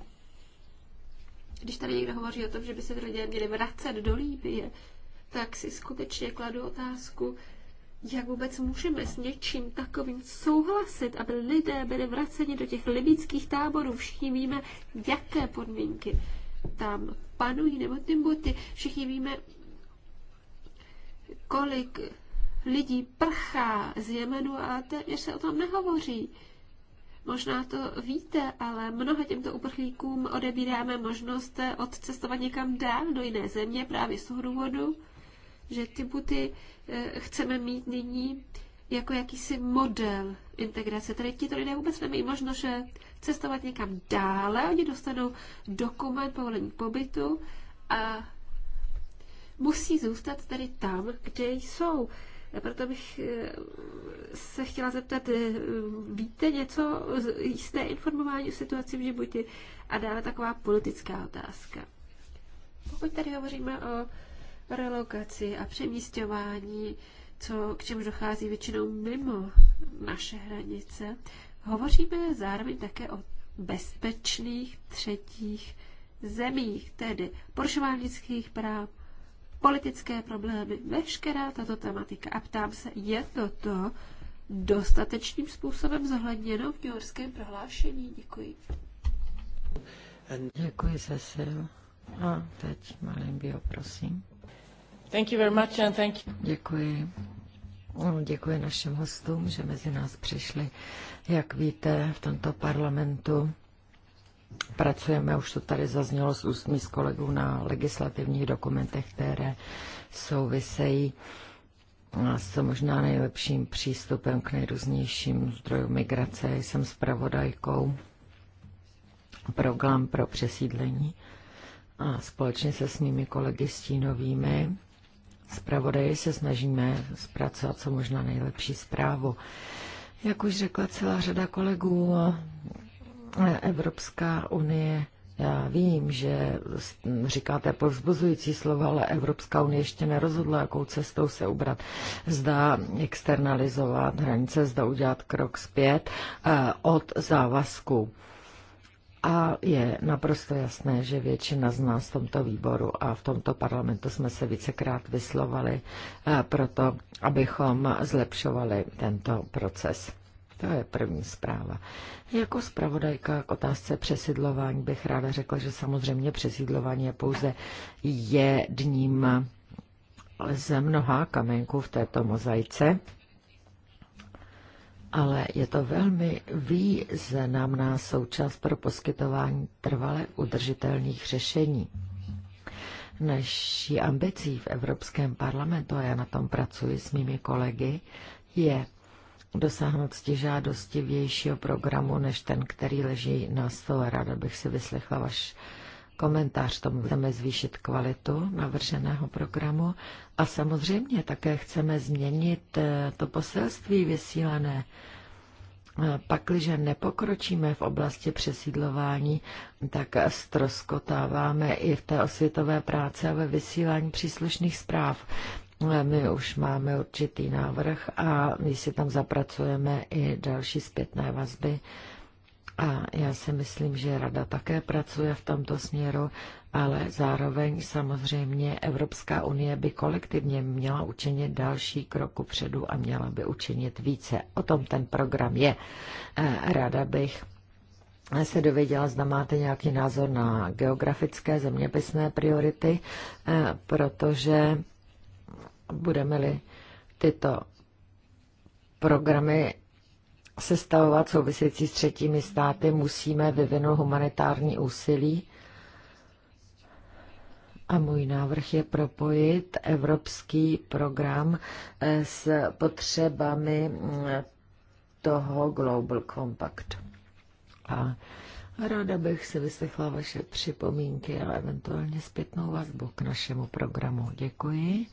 Když tady někdo hovoří o tom, že by se lidé měli vracet do Líbie, tak si skutečně kladu otázku, jak vůbec můžeme s něčím takovým souhlasit, aby lidé byli vraceni do těch libických táborů. Všichni víme, jaké podmínky tam panují, nebo ty, všichni víme, kolik lidí prchá z Jemenu a téměř se o tom nehovoří. Možná to víte, ale mnoha těmto uprchlíkům odebíráme možnost odcestovat někam dál do jiné země právě z toho důvodu, že ty buty eh, chceme mít nyní jako jakýsi model integrace. Tady to lidé vůbec nemají možnost cestovat někam dále, oni dostanou dokument povolení pobytu a musí zůstat tedy tam, kde jsou. Eh, proto bych eh, se chtěla zeptat, eh, víte něco, jste informování o situaci v Džibuti? A dále taková politická otázka. Pokud tady hovoříme o relokaci a přemístování, co, k čemu dochází většinou mimo naše hranice, hovoříme zároveň také o bezpečných třetích zemích, tedy porušování lidských práv, politické problémy, veškerá tato tematika. A ptám se, je to to dostatečným způsobem zohledněno v New prohlášení? Děkuji. Děkuji, Cecil. A teď bio, prosím. Thank you very much and thank you. Děkuji. No, děkuji našim hostům, že mezi nás přišli. Jak víte, v tomto parlamentu Pracujeme, už to tady zaznělo s ústní z kolegů na legislativních dokumentech, které souvisejí s možná nejlepším přístupem k nejrůznějším zdrojům migrace. Jsem zpravodajkou program pro přesídlení a společně se s mými kolegy stínovými zpravodaji se snažíme zpracovat co možná nejlepší zprávu. Jak už řekla celá řada kolegů, Evropská unie já vím, že říkáte povzbuzující slova, ale Evropská unie ještě nerozhodla, jakou cestou se ubrat. Zda externalizovat hranice, zda udělat krok zpět eh, od závazku. A je naprosto jasné, že většina z nás v tomto výboru a v tomto parlamentu jsme se vícekrát vyslovali eh, proto, abychom zlepšovali tento proces. To je první zpráva. Jako zpravodajka k otázce přesídlování bych ráda řekla, že samozřejmě přesídlování je pouze jedním ze mnoha kamenků v této mozaice, ale je to velmi významná součást pro poskytování trvale udržitelných řešení. Naší ambicí v Evropském parlamentu, a já na tom pracuji s mými kolegy, je dosáhnout žádosti vějšího programu, než ten, který leží na stole. Ráda bych si vyslechla vaš komentář tomu. Chceme zvýšit kvalitu navrženého programu a samozřejmě také chceme změnit eh, to poselství vysílané. Eh, Pakliže nepokročíme v oblasti přesídlování, tak stroskotáváme i v té osvětové práce a ve vysílání příslušných zpráv. No, my už máme určitý návrh a my si tam zapracujeme i další zpětné vazby. A já si myslím, že Rada také pracuje v tomto směru, ale zároveň samozřejmě Evropská unie by kolektivně měla učinit další kroku předu a měla by učinit více. O tom ten program je. E, rada bych se dověděla, zda máte nějaký názor na geografické zeměpisné priority, e, protože budeme-li tyto programy sestavovat související s třetími státy, musíme vyvinout humanitární úsilí. A můj návrh je propojit evropský program eh, s potřebami eh, toho Global Compact. A ráda bych si vyslechla vaše připomínky a eventuálně zpětnou vazbu k našemu programu. Děkuji.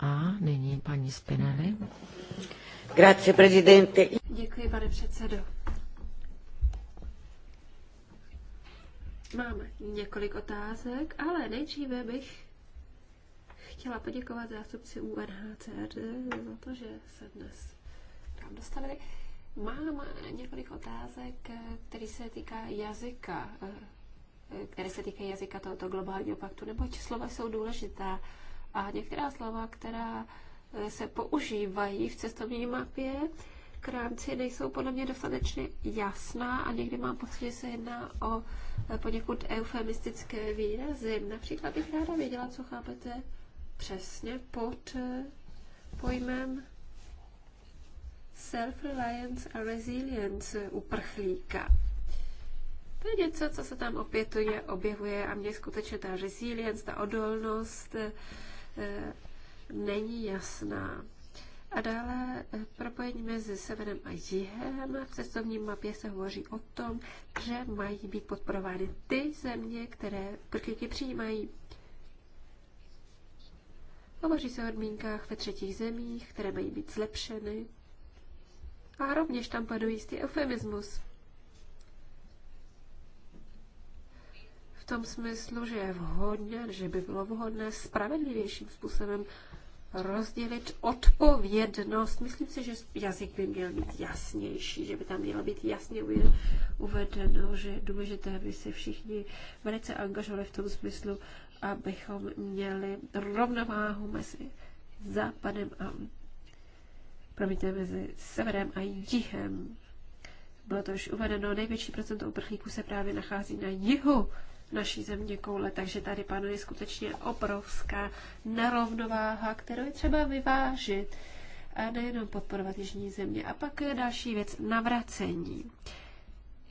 A nyní paní Spinelli. Grazie, prezidente. Děkuji, pane předsedo. Mám několik otázek, ale nejdříve bych chtěla poděkovat zástupci UNHCR za to, že se dnes nám dostavili. Mám několik otázek, které se týká jazyka, eh, které se týkají jazyka tohoto globálního paktu, neboť slova jsou důležitá a některá slova, která eh, se používají v cestovní mapě, k rámci nejsou podle mě dostatečně jasná a někdy mám pocit, že se jedná o eh, poněkud eufemistické výrazy. Například bych ráda věděla, co chápete přesně pod eh, pojmem self-reliance a resilience uprchlíka. To je něco, co se tam opětuje, objevuje a mě skutečně ta resilience, ta odolnost, E, není jasná. A dále e, propojení mezi severem a jihem. V cestovní mapě se hovoří o tom, že mají být podporovány ty země, které prchlíky přijímají. Hovoří se o odmínkách ve třetích zemích, které mají být zlepšeny. A rovněž tam padují jistý eufemismus. tom smyslu, že je vhodně, že by bylo vhodné spravedlivějším způsobem rozdělit odpovědnost. Myslím si, že jazyk by měl být jasnější, že by tam mělo být jasně uvedeno, že je důležité, aby se všichni velice angažovali v tom smyslu, abychom měli rovnováhu mezi západem a promiňte, mezi severem a jihem. Bylo to už uvedeno, největší procento uprchlíků se právě nachází na jihu naší země koule, takže tady panuje skutečně obrovská nerovnováha, kterou je třeba vyvážit a nejenom podporovat jižní země. A pak je další věc, navracení.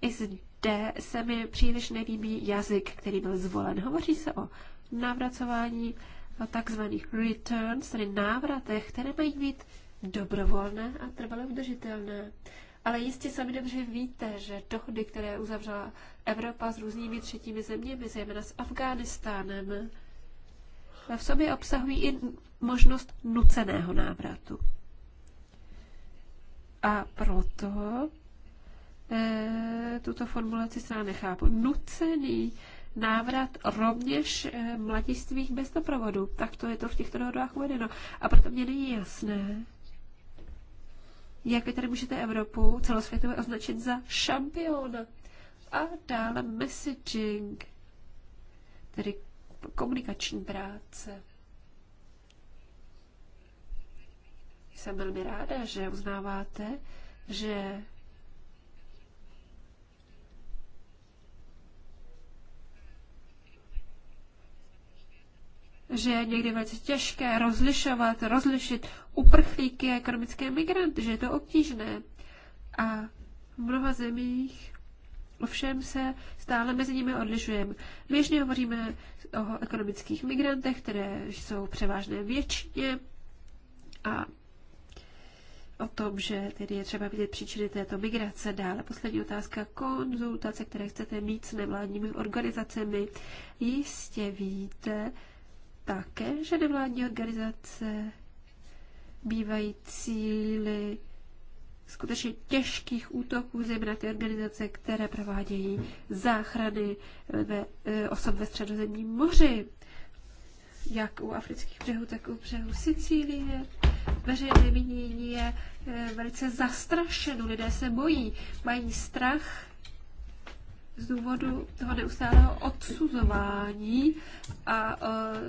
I zde se mi příliš nelíbí jazyk, který byl zvolen. Hovoří se o navracování takzvaných returns, tedy návratech, které mají být dobrovolné a trvale udržitelné. Ale jistě sami dobře víte, že dohody, které uzavřela Evropa s různými třetími zeměmi, zejména s Afghánistánem, v sobě obsahují i možnost nuceného návratu. A proto e, tuto formulaci se nechápu. Nucený návrat rovněž eh, mladistvých bez doprovodu. Tak to je to v těchto dohodách uvedeno. A proto mě není jasné, jak vy tady můžete Evropu celosvětově označit za šampiona? A dále messaging, tedy komunikační práce. Jsem velmi ráda, že uznáváte, že že je někdy velice těžké rozlišovat, rozlišit uprchlíky a ekonomické migranty, že je to obtížné. A v mnoha zemích ovšem se stále mezi nimi odlišujeme. Běžně hovoříme o ekonomických migrantech, které jsou převážné většině a o tom, že tedy je třeba vidět příčiny této migrace. Dále poslední otázka, konzultace, které chcete mít s nevládními organizacemi. Jistě víte také, že nevládní organizace bývají cíly skutečně těžkých útoků, zejména ty organizace, které provádějí záchrany eh, ve, eh, osob ve středozemním moři, jak u afrických břehů, tak u břehů Sicílie. Veřejné mínění je eh, velice zastrašeno, lidé se bojí, mají strach z důvodu toho neustálého odsuzování a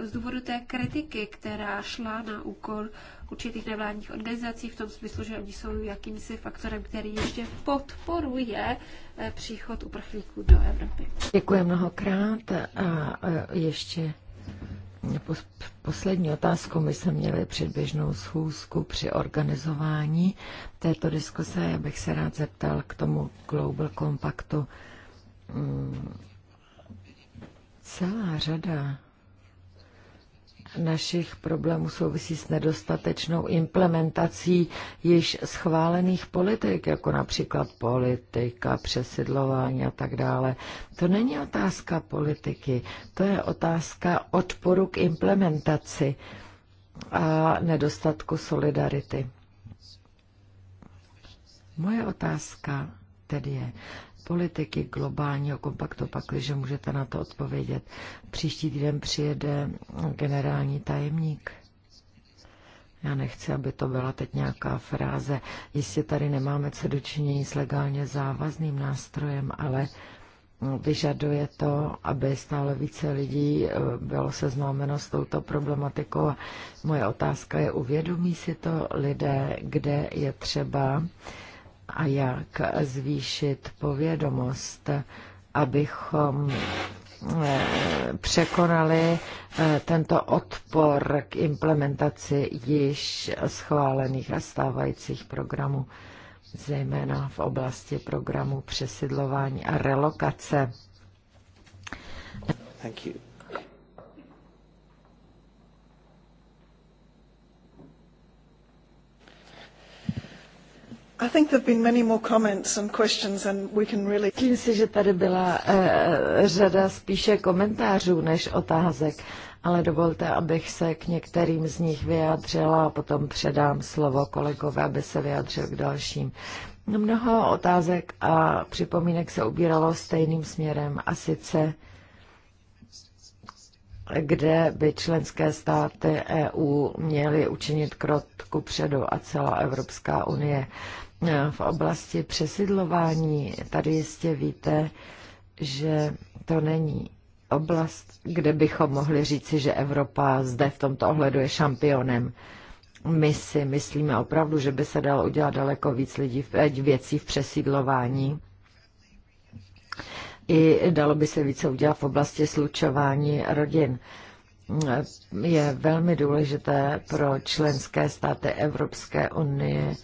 e, z důvodu té kritiky, která šla na úkol určitých nevládních organizací v tom smyslu, že oni jsou jakýmsi faktorem, který ještě podporuje e, příchod uprchlíků do Evropy. Děkuji mnohokrát a ještě Poslední otázku. My jsme měli předběžnou schůzku při organizování této diskuse. Já bych se rád zeptal k tomu Global Compactu. Mm, celá řada našich problémů souvisí s nedostatečnou implementací již schválených politik, jako například politika, přesidlování a tak dále. To není otázka politiky, to je otázka odporu k implementaci a nedostatku solidarity. Moje otázka tedy je, politiky globálního kompaktu, pakliže můžete na to odpovědět. Příští týden přijede generální tajemník. Já nechci, aby to byla teď nějaká fráze. Jistě tady nemáme co dočinění s legálně závazným nástrojem, ale vyžaduje to, aby stále více lidí eh, bylo seznámeno s touto problematikou. moje otázka je, uvědomí si to lidé, kde je třeba uh, a jak zvýšit povědomost, abychom eh, překonali eh, tento odpor k implementaci již schválených a stávajících programů, zejména v oblasti programu přesidlování a relokace. Thank you. Myslím si, že tady byla eh, řada spíše komentářů než otázek, ale dovolte, abych se k některým z nich vyjádřila a potom předám slovo kolegové, aby se vyjádřil k dalším. No, mnoho otázek a připomínek se ubíralo stejným směrem a sice kde by členské státy EU měly učinit krok ku předu a celá Evropská unie v oblasti přesidlování. Tady jistě víte, že to není oblast, kde bychom mohli říci, že Evropa zde v tomto ohledu je šampionem. My si myslíme opravdu, že by se dalo udělat daleko víc lidí, eh, věcí v přesídlování. I dalo by se více udělat v oblasti slučování rodin. Je velmi důležité pro členské státy Evropské unie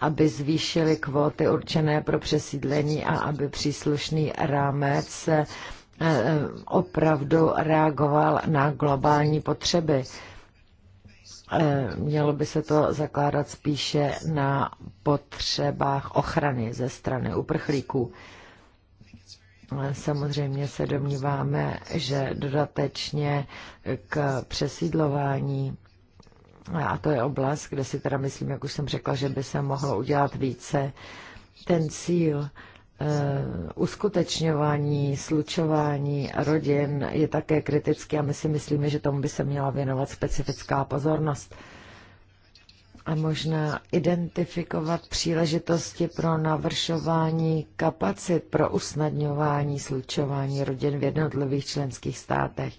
aby zvýšili kvóty určené pro přesídlení a aby příslušný rámec eh, eh, opravdu reagoval na globální potřeby. Eh, mělo by se to zakládat spíše na potřebách ochrany ze strany uprchlíků. Samozřejmě se domníváme, že dodatečně k přesídlování a to je oblast, kde si teda myslím, jak už jsem řekla, že by se mohlo udělat více, ten cíl eh, uskutečňování, slučování rodin je také kritický a my si myslíme, že tomu by se měla věnovat specifická pozornost. A možná identifikovat příležitosti pro navršování kapacit pro usnadňování slučování rodin v jednotlivých členských státech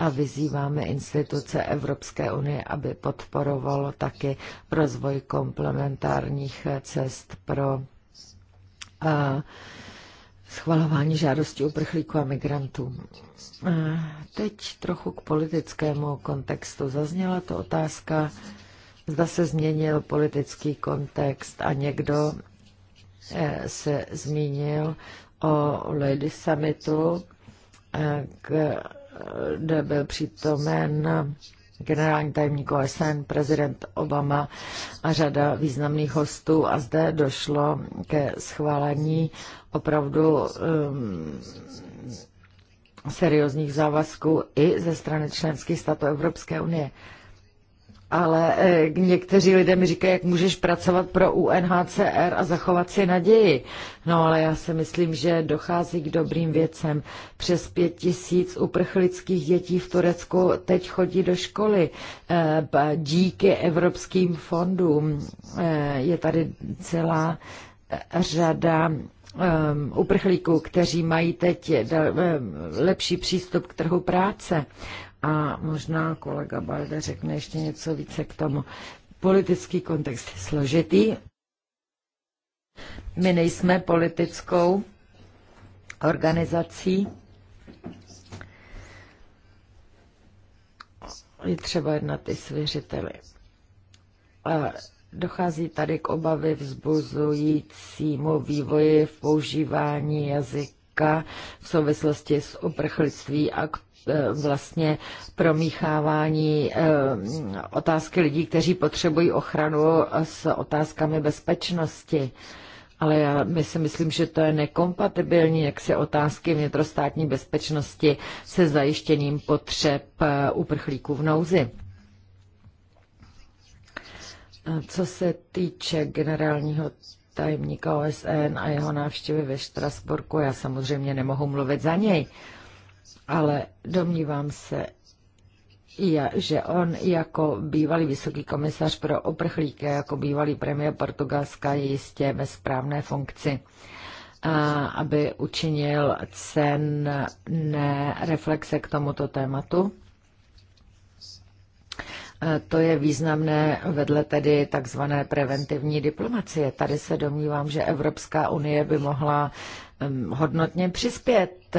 a vyzýváme instituce Evropské unie, aby podporovalo taky rozvoj komplementárních cest pro a, eh, schvalování žádostí uprchlíků a migrantů. Eh, teď trochu k politickému kontextu. Zazněla to otázka, zda se změnil politický kontext a někdo eh, se zmínil o Lady Summitu, k kde byl přítomen generální tajemník OSN, prezident Obama a řada významných hostů a zde došlo ke schválení opravdu um, seriózních závazků i ze strany členských států Evropské unie ale e, někteří lidé mi říkají, jak můžeš pracovat pro UNHCR a zachovat si naději. No ale já si myslím, že dochází k dobrým věcem. Přes pět tisíc uprchlických dětí v Turecku teď chodí do školy. E, díky evropským fondům e, je tady celá řada um, uprchlíků, kteří mají teď lepší přístup k trhu práce a možná kolega Balde řekne ještě něco více k tomu. Politický kontext je složitý. My nejsme politickou organizací. Je třeba jednat i s věřiteli. A dochází tady k obavy vzbuzujícímu vývoji v používání jazyka v souvislosti s uprchlictví a k Eh, vlastně promíchávání eh, otázky lidí, kteří potřebují ochranu s otázkami bezpečnosti. Ale já my si myslím, že to je nekompatibilní, jak se otázky vnitrostátní bezpečnosti se zajištěním potřeb eh, uprchlíků v nouzi. Co se týče generálního tajemníka OSN a jeho návštěvy ve Štrasburku, já samozřejmě nemohu mluvit za něj, ale domnívám se, že on jako bývalý vysoký komisař pro oprchlíky, jako bývalý premiér Portugalska je jistě ve správné funkci, a aby učinil cenné reflexe k tomuto tématu. To je významné vedle tedy takzvané preventivní diplomacie. Tady se domnívám, že Evropská unie by mohla um, hodnotně přispět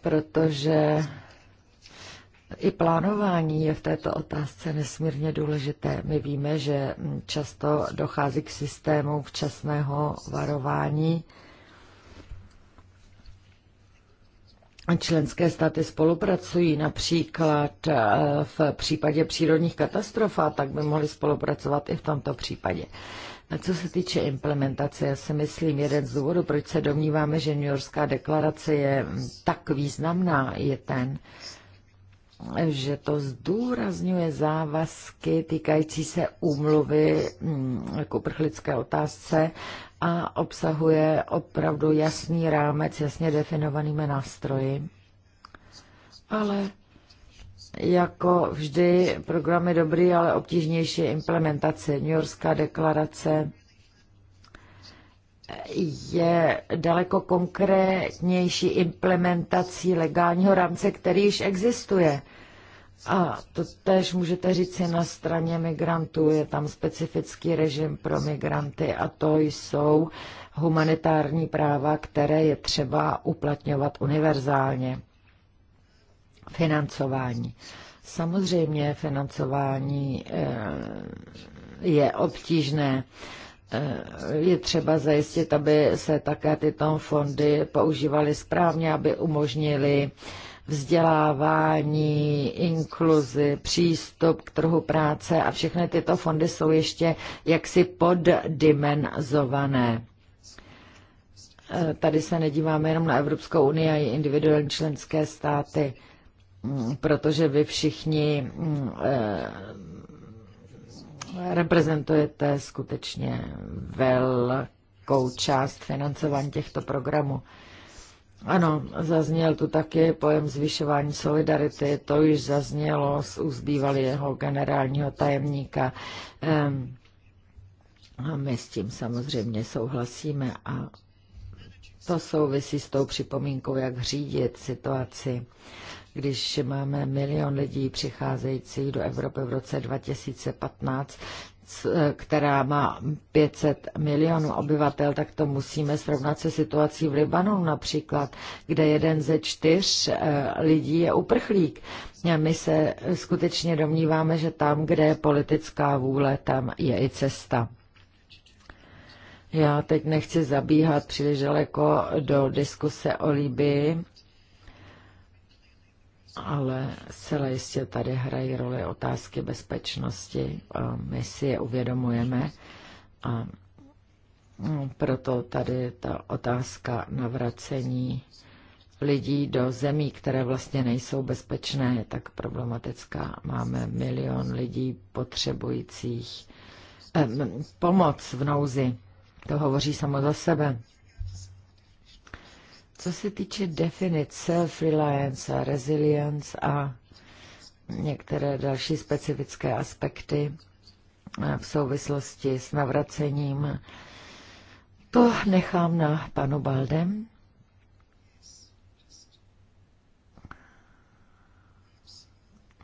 protože i plánování je v této otázce nesmírně důležité. My víme, že často dochází k systému včasného varování. Členské státy spolupracují například eh, v případě přírodních katastrof a tak by mohly spolupracovat i v tomto případě. Co se týče implementace, já si myslím, jeden z důvodů, proč se domníváme, že New Yorkská deklarace je tak významná, je ten, že to zdůrazňuje závazky týkající se úmluvy mm, k uprchlické otázce a obsahuje opravdu jasný rámec, jasně definovanými nástroji, ale jako vždy, program je dobrý, ale obtížnější implementace. New Yorkská deklarace je daleko konkrétnější implementací legálního rámce, který již existuje. A to tež můžete říct si na straně migrantů, je tam specifický režim pro migranty a to jsou humanitární práva, které je třeba uplatňovat univerzálně. Financování. Samozřejmě financování eh, je obtížné. Eh, je třeba zajistit, aby se také tyto fondy používaly správně, aby umožnili vzdělávání, inkluzi, přístup k trhu práce a všechny tyto fondy jsou ještě jaksi poddimenzované. Eh, tady se nedíváme jenom na Evropskou unii a i individuální členské státy protože vy všichni eh, reprezentujete skutečně velkou část financování těchto programů. Ano, zazněl tu taky pojem zvyšování solidarity, to již zaznělo z úzbývali jeho generálního tajemníka. Ehm, a my s tím samozřejmě souhlasíme a to souvisí s tou připomínkou, jak řídit situaci. Když máme milion lidí přicházejících do Evropy v roce 2015, eh, která má 500 milionů obyvatel, tak to musíme srovnat se situací v Libanonu například, kde jeden ze čtyř eh, lidí je uprchlík. A my se skutečně domníváme, že tam, kde je politická vůle, tam je i cesta. Já teď nechci zabíhat příliš daleko do diskuse o Libii, ale celé jistě tady hrají roli otázky bezpečnosti. My si je uvědomujeme a no, proto tady ta otázka navracení lidí do zemí, které vlastně nejsou bezpečné, je tak problematická. Máme milion lidí potřebujících eh, pomoc v nouzi. To hovoří samo za sebe. Co se týče definic self-reliance a resilience a některé další specifické aspekty eh, v souvislosti s navracením, to nechám na panu Baldem.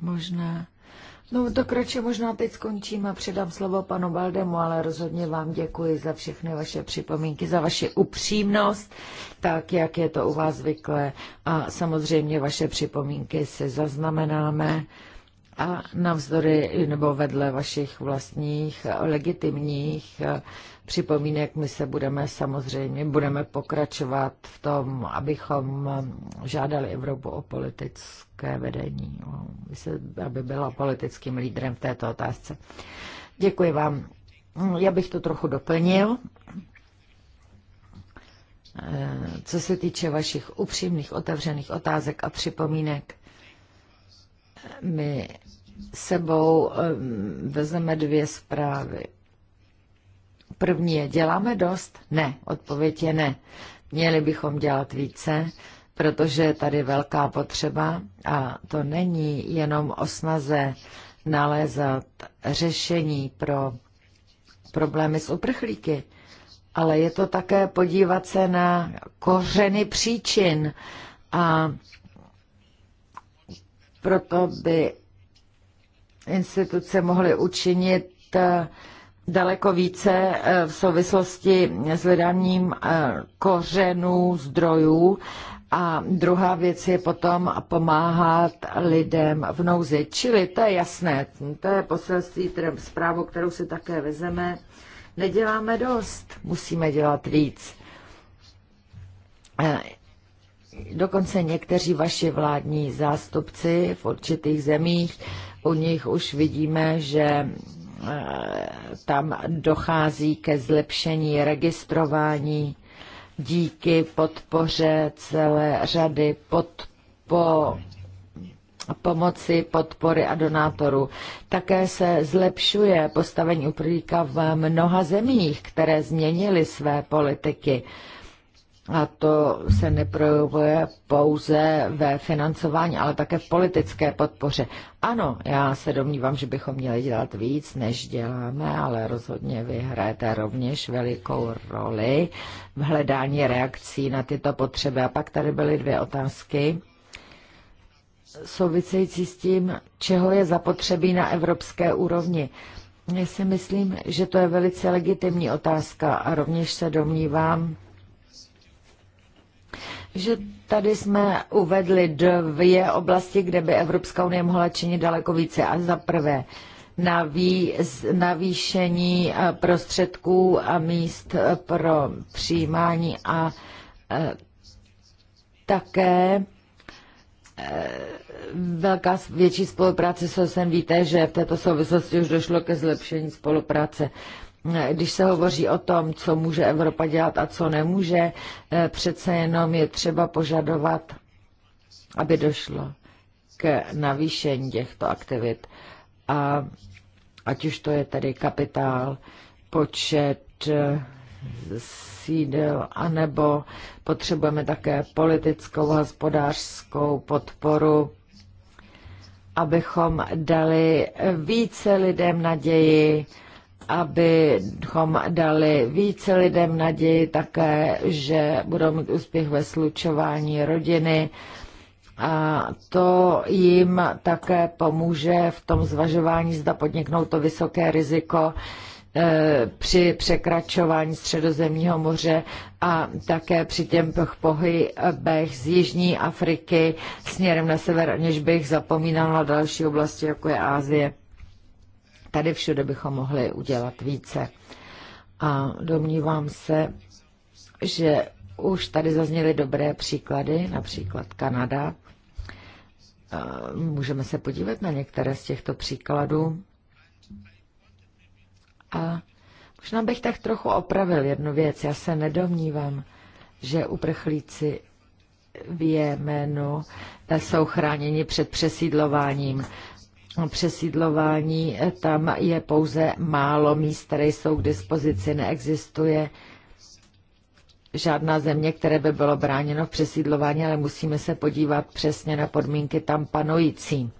Možná No tak radši možná teď skončím a předám slovo panu Baldemu, ale rozhodně vám děkuji za všechny vaše připomínky, za vaši upřímnost, tak jak je to u vás zvyklé. A samozřejmě vaše připomínky si zaznamenáme a navzdory nebo vedle vašich vlastních legitimních eh, připomínek my se budeme samozřejmě, budeme pokračovat v tom, abychom eh, žádali Evropu o politické vedení, aby byla politickým lídrem v této otázce. Děkuji vám. Já bych to trochu doplnil. Eh, co se týče vašich upřímných, otevřených otázek a připomínek, my sebou vezmeme dvě zprávy. První je, děláme dost? Ne, odpověď je ne. Měli bychom dělat více, protože je tady velká potřeba a to není jenom o snaze nalézat řešení pro problémy s uprchlíky, ale je to také podívat se na kořeny příčin a proto by instituce mohly učinit eh, daleko více eh, v souvislosti s hledáním eh, kořenů zdrojů. A druhá věc je potom pomáhat lidem v nouzi. Čili to je jasné, to je poselství, zprávu, kterou si také vezeme. Neděláme dost, musíme dělat víc dokonce někteří vaši vládní zástupci v určitých zemích, u nich už vidíme, že eh, tam dochází ke zlepšení registrování díky podpoře celé řady podpo pomoci, podpory a donátorů. Také se zlepšuje postavení uprchlíka v mnoha zemích, které změnily své politiky. Uh, a to se neprojevuje pouze ve financování, ale také v politické podpoře. Ano, já se domnívám, že bychom měli dělat víc, než děláme, ale rozhodně vy hrajete rovněž velikou roli v hledání reakcí na tyto potřeby. A pak tady byly dvě otázky související s tím, čeho je zapotřebí na evropské úrovni. Já si myslím, že to je velice legitimní otázka a rovněž se domnívám, že tady jsme uvedli dvě oblasti, kde by Evropská unie mohla činit daleko více. A za prvé, navýšení eh, prostředků a míst eh, pro přijímání a eh, také velká větší spolupráce s jsem Víte, že v této souvislosti už došlo ke zlepšení spolupráce když se hovoří o tom, co může Evropa dělat a co nemůže, eh, přece jenom je třeba požadovat, aby došlo k navýšení těchto aktivit. A ať už to je tedy kapitál, počet eh, sídel, anebo potřebujeme také politickou a hospodářskou podporu, abychom dali více lidem naději, abychom dali více lidem naději také, že budou mít úspěch ve slučování rodiny. A to jim také pomůže v tom zvažování, zda podniknout to vysoké riziko e, při překračování Středozemního moře a také při těm pohybech z Jižní Afriky směrem na sever, aniž bych zapomínal na další oblasti, jako je Ázie. Tady všude bychom mohli udělat více. A domnívám se, že už tady zazněly dobré příklady, například Kanada. Můžeme se podívat na některé z těchto příkladů. A možná bych tak trochu opravil jednu věc. Já se nedomnívám, že uprchlíci v Jemenu jsou chráněni před přesídlováním přesídlování, tam je pouze málo míst, které jsou k dispozici, neexistuje žádná země, které by bylo bráněno v přesídlování, ale musíme se podívat přesně na podmínky tam panující.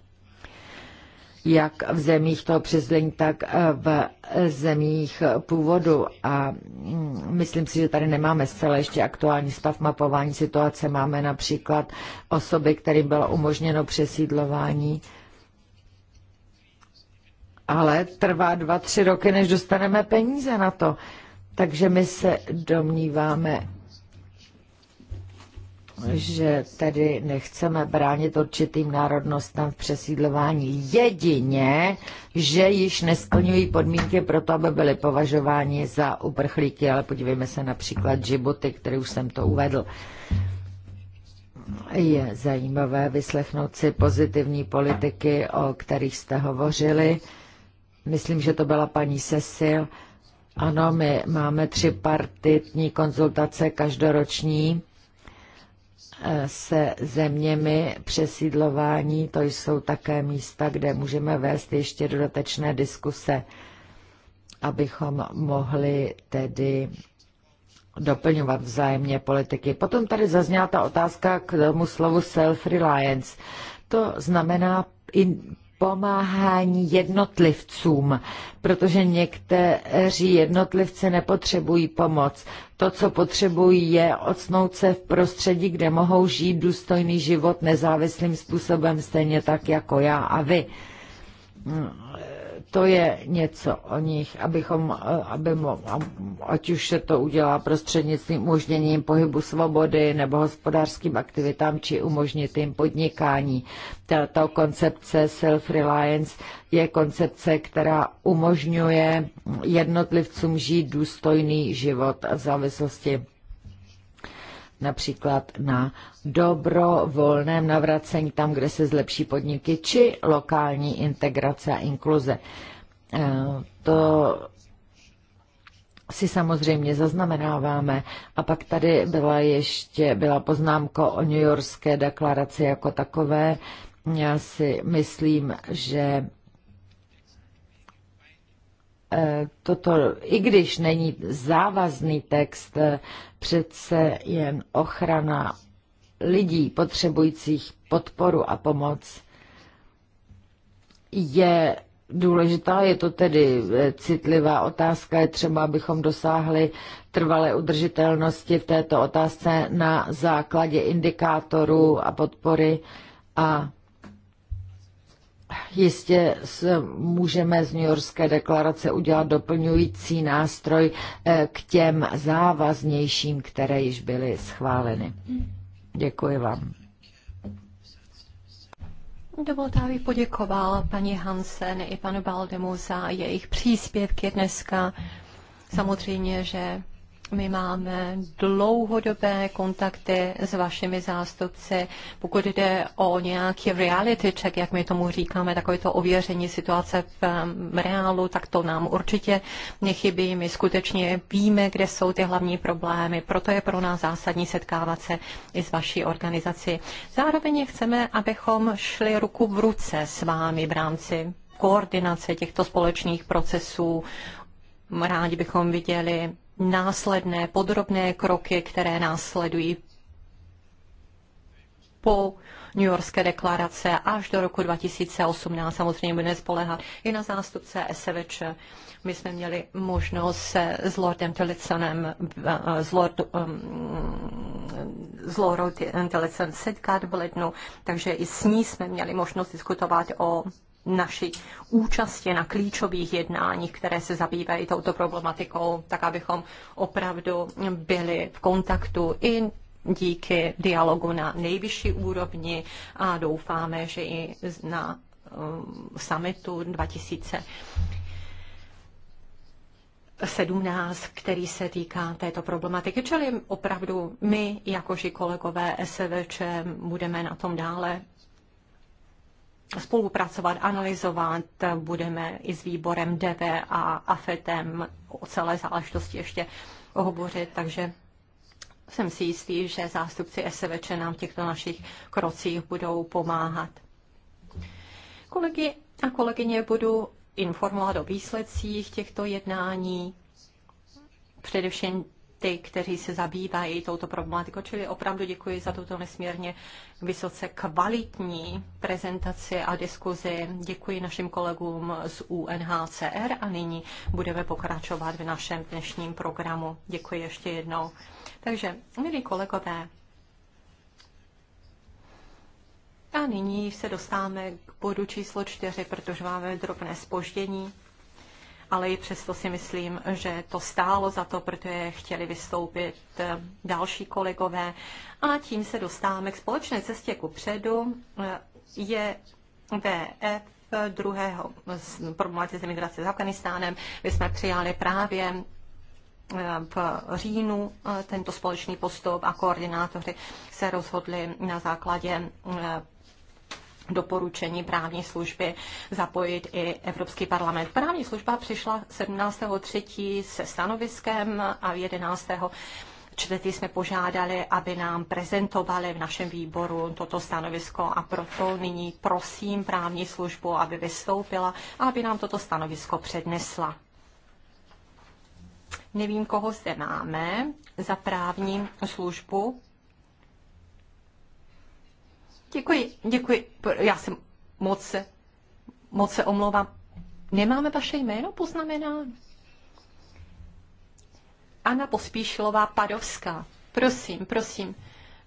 Jak v zemích toho přizlení, tak v zemích původu. A mm, myslím si, že tady nemáme zcela ještě aktuální stav mapování situace. Máme například osoby, kterým bylo umožněno přesídlování ale trvá dva, tři roky, než dostaneme peníze na to. Takže my se domníváme, že tedy nechceme bránit určitým národnostem v přesídlování jedině, že již nesplňují podmínky pro to, aby byly považováni za uprchlíky, ale podívejme se například žiboty, který už jsem to uvedl. Je zajímavé vyslechnout si pozitivní politiky, o kterých jste hovořili myslím, že to byla paní Cecil, ano, my máme tři partitní konzultace každoroční eh, se zeměmi přesídlování. To jsou také místa, kde můžeme vést ještě dodatečné diskuse, abychom mohli tedy doplňovat vzájemně politiky. Potom tady zazněla ta otázka k tomu slovu self-reliance. To znamená in, pomáhání jednotlivcům, protože někteří jednotlivci nepotřebují pomoc. To, co potřebují, je ocnout se v prostředí, kde mohou žít důstojný život nezávislým způsobem, stejně tak jako já a vy to je něco o nich, abychom, eh, aby, mo, ať už se to udělá prostřednictvím umožněním pohybu svobody nebo hospodářským aktivitám, či umožnit jim podnikání. Tato koncepce self-reliance je koncepce, která umožňuje jednotlivcům žít důstojný život v závislosti například na dobrovolném navracení tam, kde se zlepší podniky, či lokální integrace a inkluze. Eh, to si samozřejmě zaznamenáváme. A pak tady byla ještě byla poznámka o New Yorkské deklaraci jako takové. Já si myslím, že eh, toto, i když není závazný text, přece jen ochrana lidí potřebujících podporu a pomoc je důležitá, je to tedy eh, citlivá otázka, je třeba, abychom dosáhli trvalé udržitelnosti v této otázce na základě indikátorů a podpory a Jistě můžeme z New Yorkské deklarace udělat doplňující nástroj eh, k těm závaznějším, které již byly schváleny. Děkuji vám. Dovolte, abych poděkoval paní Hansen i panu Baldemu za jejich příspěvky dneska. Samozřejmě, že my máme dlouhodobé kontakty s vašimi zástupci. Pokud jde o nějaký reality check, jak my tomu říkáme, takové to ověření situace v um, reálu, tak to nám určitě nechybí. My skutečně víme, kde jsou ty hlavní problémy, proto je pro nás zásadní setkávat se i s vaší organizací. Zároveň chceme, abychom šli ruku v ruce s vámi v rámci koordinace těchto společných procesů. Rádi bychom viděli následné podrobné kroky, které následují po New Yorkské deklarace až do roku 2018. Samozřejmě budeme spolehat i na zástupce SVČ. My jsme měli možnost se s Lordem Tillotsonem, s, Lord, um, s Lordem Tillotsonem setkat v lednu, takže i s ní jsme měli možnost diskutovat o naší účastě na klíčových jednáních, které se zabývají touto problematikou, tak abychom opravdu byli v kontaktu i díky dialogu na nejvyšší úrovni a doufáme, že i na um, summitu 2000 17, který se týká této problematiky. Čili opravdu my, jakoži kolegové SVČ, budeme na tom dále spolupracovat, analyzovat. Budeme i s výborem DV a AFETem o celé záležitosti ještě hovořit, takže jsem si jistý, že zástupci SVČ nám v těchto našich krocích budou pomáhat. Kolegy a kolegyně budu informovat o výsledcích těchto jednání, především ty, kteří se zabývají touto problematikou. Čili opravdu děkuji za tuto nesmírně vysoce kvalitní prezentaci a diskuzi. Děkuji našim kolegům z UNHCR a nyní budeme pokračovat v našem dnešním programu. Děkuji ještě jednou. Takže, milí kolegové, a nyní se dostáváme k bodu číslo čtyři, protože máme drobné spoždění ale i přesto si myslím, že to stálo za to, protože chtěli vystoupit eh, další kolegové. A tím se dostáváme k společné cestě ku předu. Eh, je VF druhého problematice emigrace s Afganistánem. My jsme přijali právě eh, v říjnu tento společný postup a koordinátoři se rozhodli na základě doporučení právní služby zapojit i Evropský parlament. Právní služba přišla 17.3. se stanoviskem a 11. Čtvrtý jsme požádali, aby nám prezentovali v našem výboru toto stanovisko a proto nyní prosím právní službu, aby vystoupila a aby nám toto stanovisko přednesla. Nevím, koho zde máme za právní službu Děkuji, děkuji. Já jsem moc se, moc se omlouvám. Nemáme vaše jméno poznamenáno? Anna Pospíšilová Padovská. Prosím, prosím,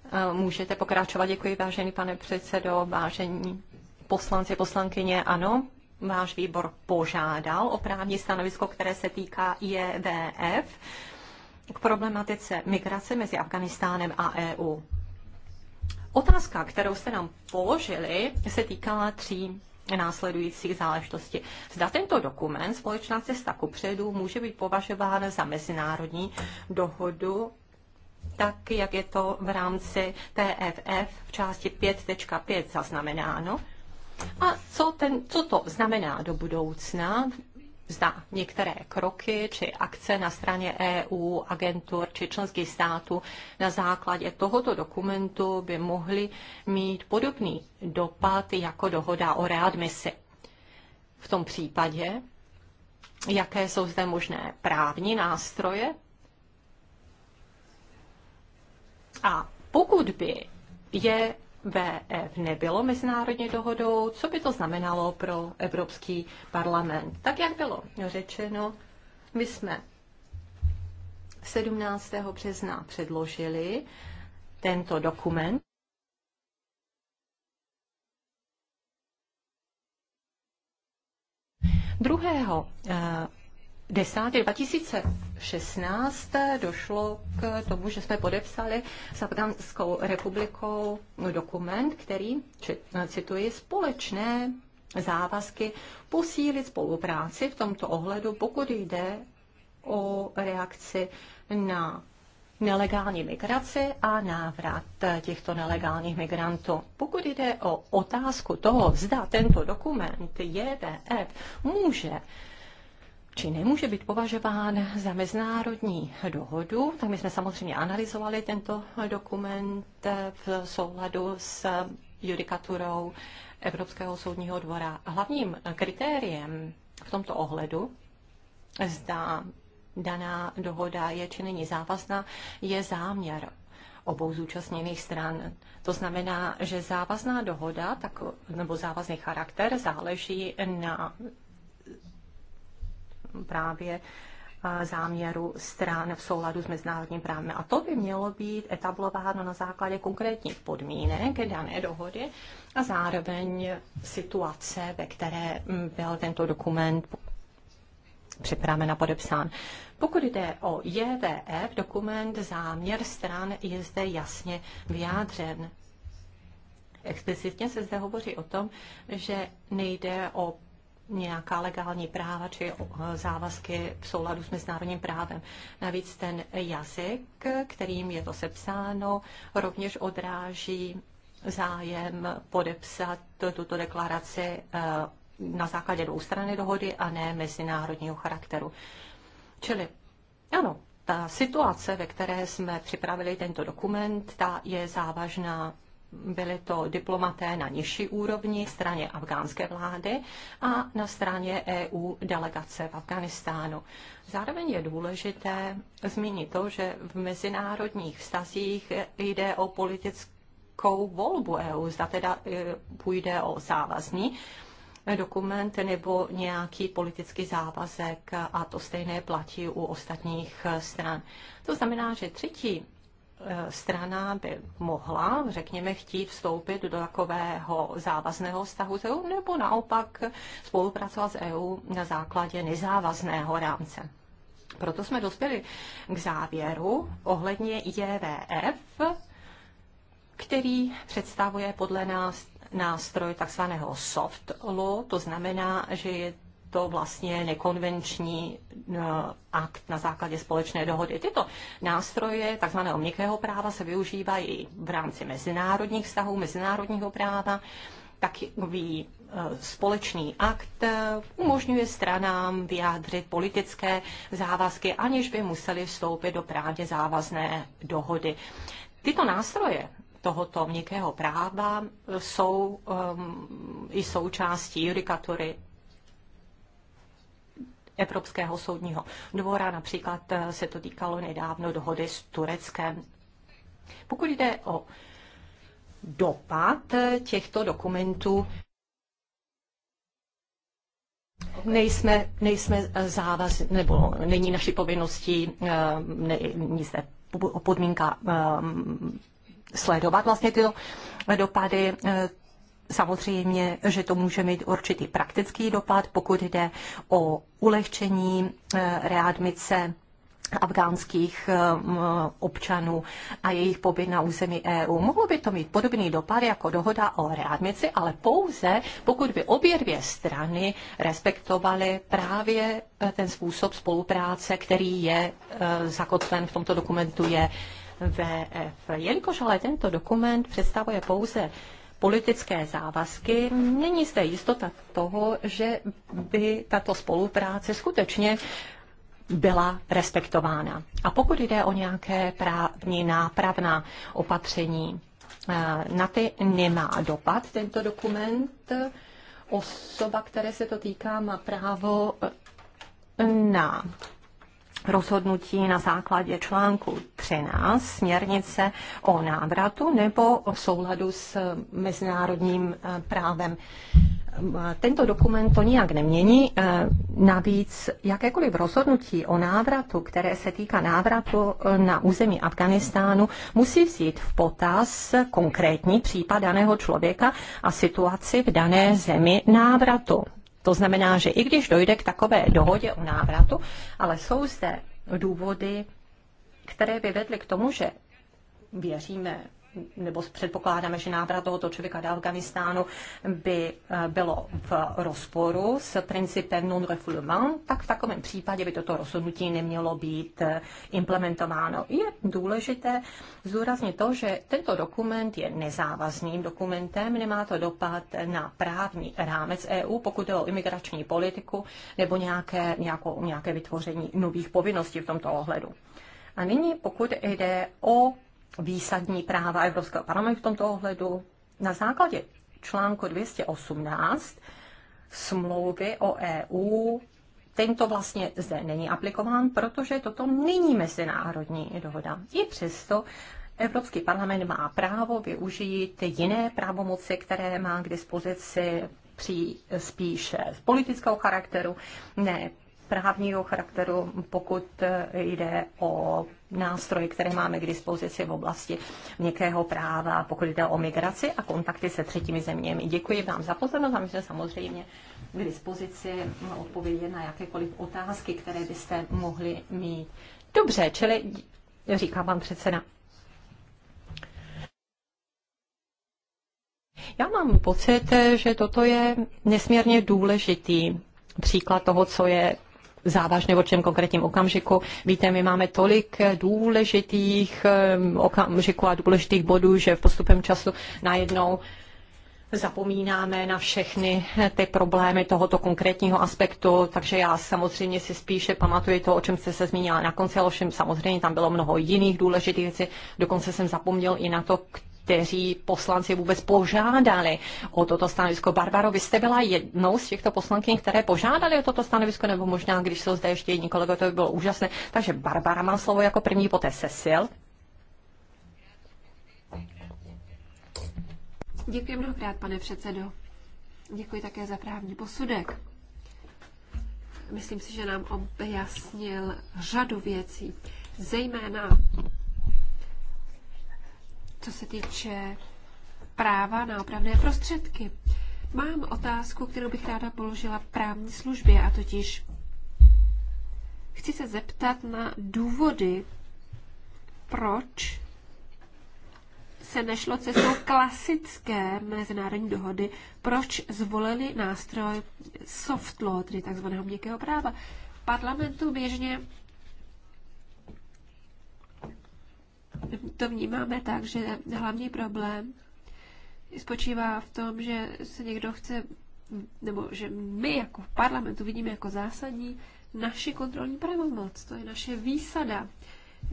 eh, můžete pokračovat. Děkuji, vážený pane předsedo, vážení poslanci, poslankyně. Ano, váš výbor požádal o právní stanovisko, které se týká IEVF k problematice migrace mezi Afganistánem a EU. Otázka, kterou jste nám položili, se týkala tří následujících záležitostí. Zda tento dokument společná cesta kupředu může být považován za mezinárodní dohodu tak, jak je to v rámci PFF v části 5.5 zaznamenáno. A co, ten, co to znamená do budoucna zda některé kroky či akce na straně EU, agentur či členských států na základě tohoto dokumentu by mohly mít podobný dopad jako dohoda o readmisi. V tom případě, jaké jsou zde možné právní nástroje a pokud by je VF e nebylo mezinárodně dohodou, co by to znamenalo pro Evropský parlament? Tak jak bylo řečeno, my jsme 17. března předložili tento dokument. Druhého eh, 10. 2016 došlo k tomu, že jsme podepsali s Afgánskou republikou dokument, který, cituji, společné závazky posílit spolupráci v tomto ohledu, pokud jde o reakci na nelegální migraci a návrat těchto nelegálních migrantů. Pokud jde o otázku toho, zda tento dokument JVF může či nemůže být považován za mezinárodní dohodu, tak my jsme samozřejmě analyzovali tento dokument v souladu s judikaturou Evropského soudního dvora. Hlavním kritériem v tomto ohledu, zda daná dohoda je či není závazná, je záměr obou zúčastněných stran. To znamená, že závazná dohoda tak, nebo závazný charakter záleží na právě záměru stran v souladu s mezinárodním právem. A to by mělo být etablováno na základě konkrétních podmínek dané dohody a zároveň situace, ve které mm, byl tento dokument připraven a podepsán. Pokud jde o JVF, dokument záměr stran je zde jasně vyjádřen. Explicitně se zde hovoří o tom, že nejde o nějaká legální práva či eh, závazky v souladu s mezinárodním právem. Navíc ten jazyk, kterým je to sepsáno, rovněž odráží zájem podepsat tuto deklaraci eh, na základě dvoustranné dohody a ne mezinárodního charakteru. Čili ano, ta situace, ve které jsme připravili tento dokument, ta je závažná byli to diplomaté na nižší úrovni, straně afgánské vlády a na straně EU delegace v Afganistánu. Zároveň je důležité zmínit to, že v mezinárodních vztazích jde o politickou volbu EU, zda teda e, půjde o závazný dokument nebo nějaký politický závazek a to stejné platí u ostatních stran. To znamená, že třetí Eh, strana by mohla, řekněme, chtít vstoupit do takového závazného vztahu s EU, nebo naopak spolupracovat s EU na základě nezávazného rámce. Proto jsme dospěli k závěru ohledně JVF, který představuje podle nás nástroj takzvaného soft law, to znamená, že je to vlastně nekonvenční eh, akt na základě společné dohody. Tyto nástroje tzv. měkkého práva se využívají v rámci mezinárodních vztahů, mezinárodního práva. Takový eh, společný akt eh, umožňuje stranám vyjádřit politické závazky, aniž by museli vstoupit do právě závazné dohody. Tyto nástroje tohoto měkkého práva jsou um, i součástí judikatury Evropského soudního dvora. Například eh, se to týkalo nedávno dohody s Tureckem. Pokud jde o dopad eh, těchto dokumentů, nejsme, nejsme eh, závaz, nebo není naší povinností ne, nic ne, podmínka um, sledovat vlastně tyto dopady. Samozřejmě, že to může mít určitý praktický dopad, pokud jde o ulehčení eh, readmice afgánských eh, občanů a jejich pobyt na území EU. Mohlo by to mít podobný dopad jako dohoda o readmici, ale pouze pokud by obě dvě strany respektovaly právě eh, ten způsob spolupráce, který je zakotven v tomto dokumentu je VF. Jelikož ale tento dokument představuje pouze politické závazky, není zde jistota toho, že by tato spolupráce skutečně byla respektována. A pokud jde o nějaké právní nápravná opatření, eh, na ty nemá dopad tento dokument. Osoba, které se to týká, má právo eh, na rozhodnutí na základě článku 13 směrnice o návratu nebo o souladu s mezinárodním eh, právem. Eh, tento dokument to nijak nemění. Eh, navíc jakékoliv rozhodnutí o návratu, které se týká návratu na území Afganistánu, musí vzít v potaz konkrétní případ daného člověka a situaci v dané zemi návratu. To znamená, že i když dojde k takové dohodě o návratu, ale jsou zde důvody, které by vedly k tomu, že věříme nebo předpokládáme, že návrat tohoto člověka do Afganistánu by eh, bylo v rozporu s principem non-refoulement, tak v takovém případě by toto rozhodnutí nemělo být eh, implementováno. Je důležité zdůraznit to, že tento dokument je nezávazným dokumentem, nemá to dopad na právní rámec EU, pokud je o imigrační politiku nebo nějaké, nějakou, nějaké vytvoření nových povinností v tomto ohledu. A nyní, pokud jde o výsadní práva Evropského parlamentu v tomto ohledu. Na základě článku 218 smlouvy o EU tento vlastně zde není aplikován, protože toto není mezinárodní dohoda. I přesto Evropský parlament má právo využít jiné právomoci, které má k dispozici při spíše z politického charakteru, ne právního charakteru, pokud jde o nástroje, které máme k dispozici v oblasti měkkého práva, pokud jde o migraci a kontakty se třetími zeměmi. Děkuji vám za pozornost a my jsme samozřejmě k dispozici odpovědět na jakékoliv otázky, které byste mohli mít. Dobře, čili říká pan předseda. Já mám pocit, že toto je nesmírně důležitý příklad toho, co je závažné v určitém konkrétním okamžiku. Víte, my máme tolik důležitých eh, okamžiků a důležitých bodů, že v postupem času najednou zapomínáme na všechny eh, ty problémy tohoto konkrétního aspektu, takže já samozřejmě si spíše pamatuju to, o čem jste se zmínila na konci, ale všem samozřejmě tam bylo mnoho jiných důležitých věcí, dokonce jsem zapomněl i na to, kteří poslanci vůbec požádali o toto stanovisko. Barbaro, vy jste byla jednou z těchto poslankyň, které požádali o toto stanovisko, nebo možná, když jsou zde ještě jiní kolego, to by bylo úžasné. Takže Barbara má slovo jako první, poté Cecil. Děkuji mnohokrát, pane předsedo. Děkuji také za právní posudek. Myslím si, že nám objasnil řadu věcí, zejména co se týče práva na opravné prostředky. Mám otázku, kterou bych ráda položila právní službě, a totiž chci se zeptat na důvody, proč se nešlo cestou klasické mezinárodní dohody, proč zvolili nástroj soft law, tedy takzvaného měkkého práva. V parlamentu běžně to vnímáme tak, že hlavní problém spočívá v tom, že se někdo chce, nebo že my jako v parlamentu vidíme jako zásadní naši kontrolní pravomoc, to je naše výsada,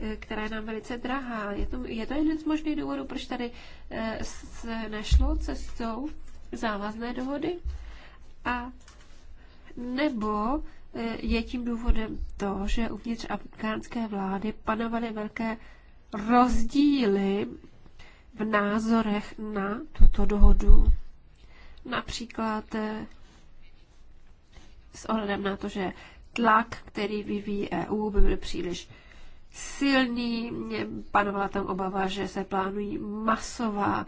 eh, která je nám velice drahá. Je to, je to jeden z možných důvodů, proč tady eh, se nešlo cestou závazné dohody a nebo eh, je tím důvodem to, že uvnitř afgánské vlády panovaly velké rozdíly v názorech na tuto dohodu. Například eh, s ohledem na to, že tlak, který vyvíjí EU, by byl příliš silný. Mě panovala tam obava, že se plánují masová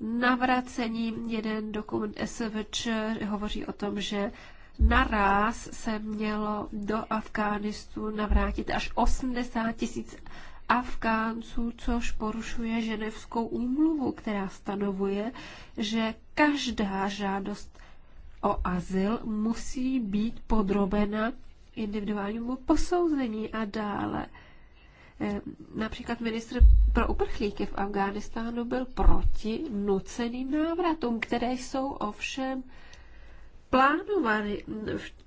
navracení. Jeden dokument SVČ hovoří o tom, že naraz se mělo do Afghánistu navrátit až 80 tisíc Afgánců, což porušuje ženevskou úmluvu, která stanovuje, že každá žádost o azyl musí být podrobena individuálnímu posouzení a dále. Eh, například ministr pro uprchlíky v Afghánistánu byl proti nuceným návratům, které jsou ovšem plánovány,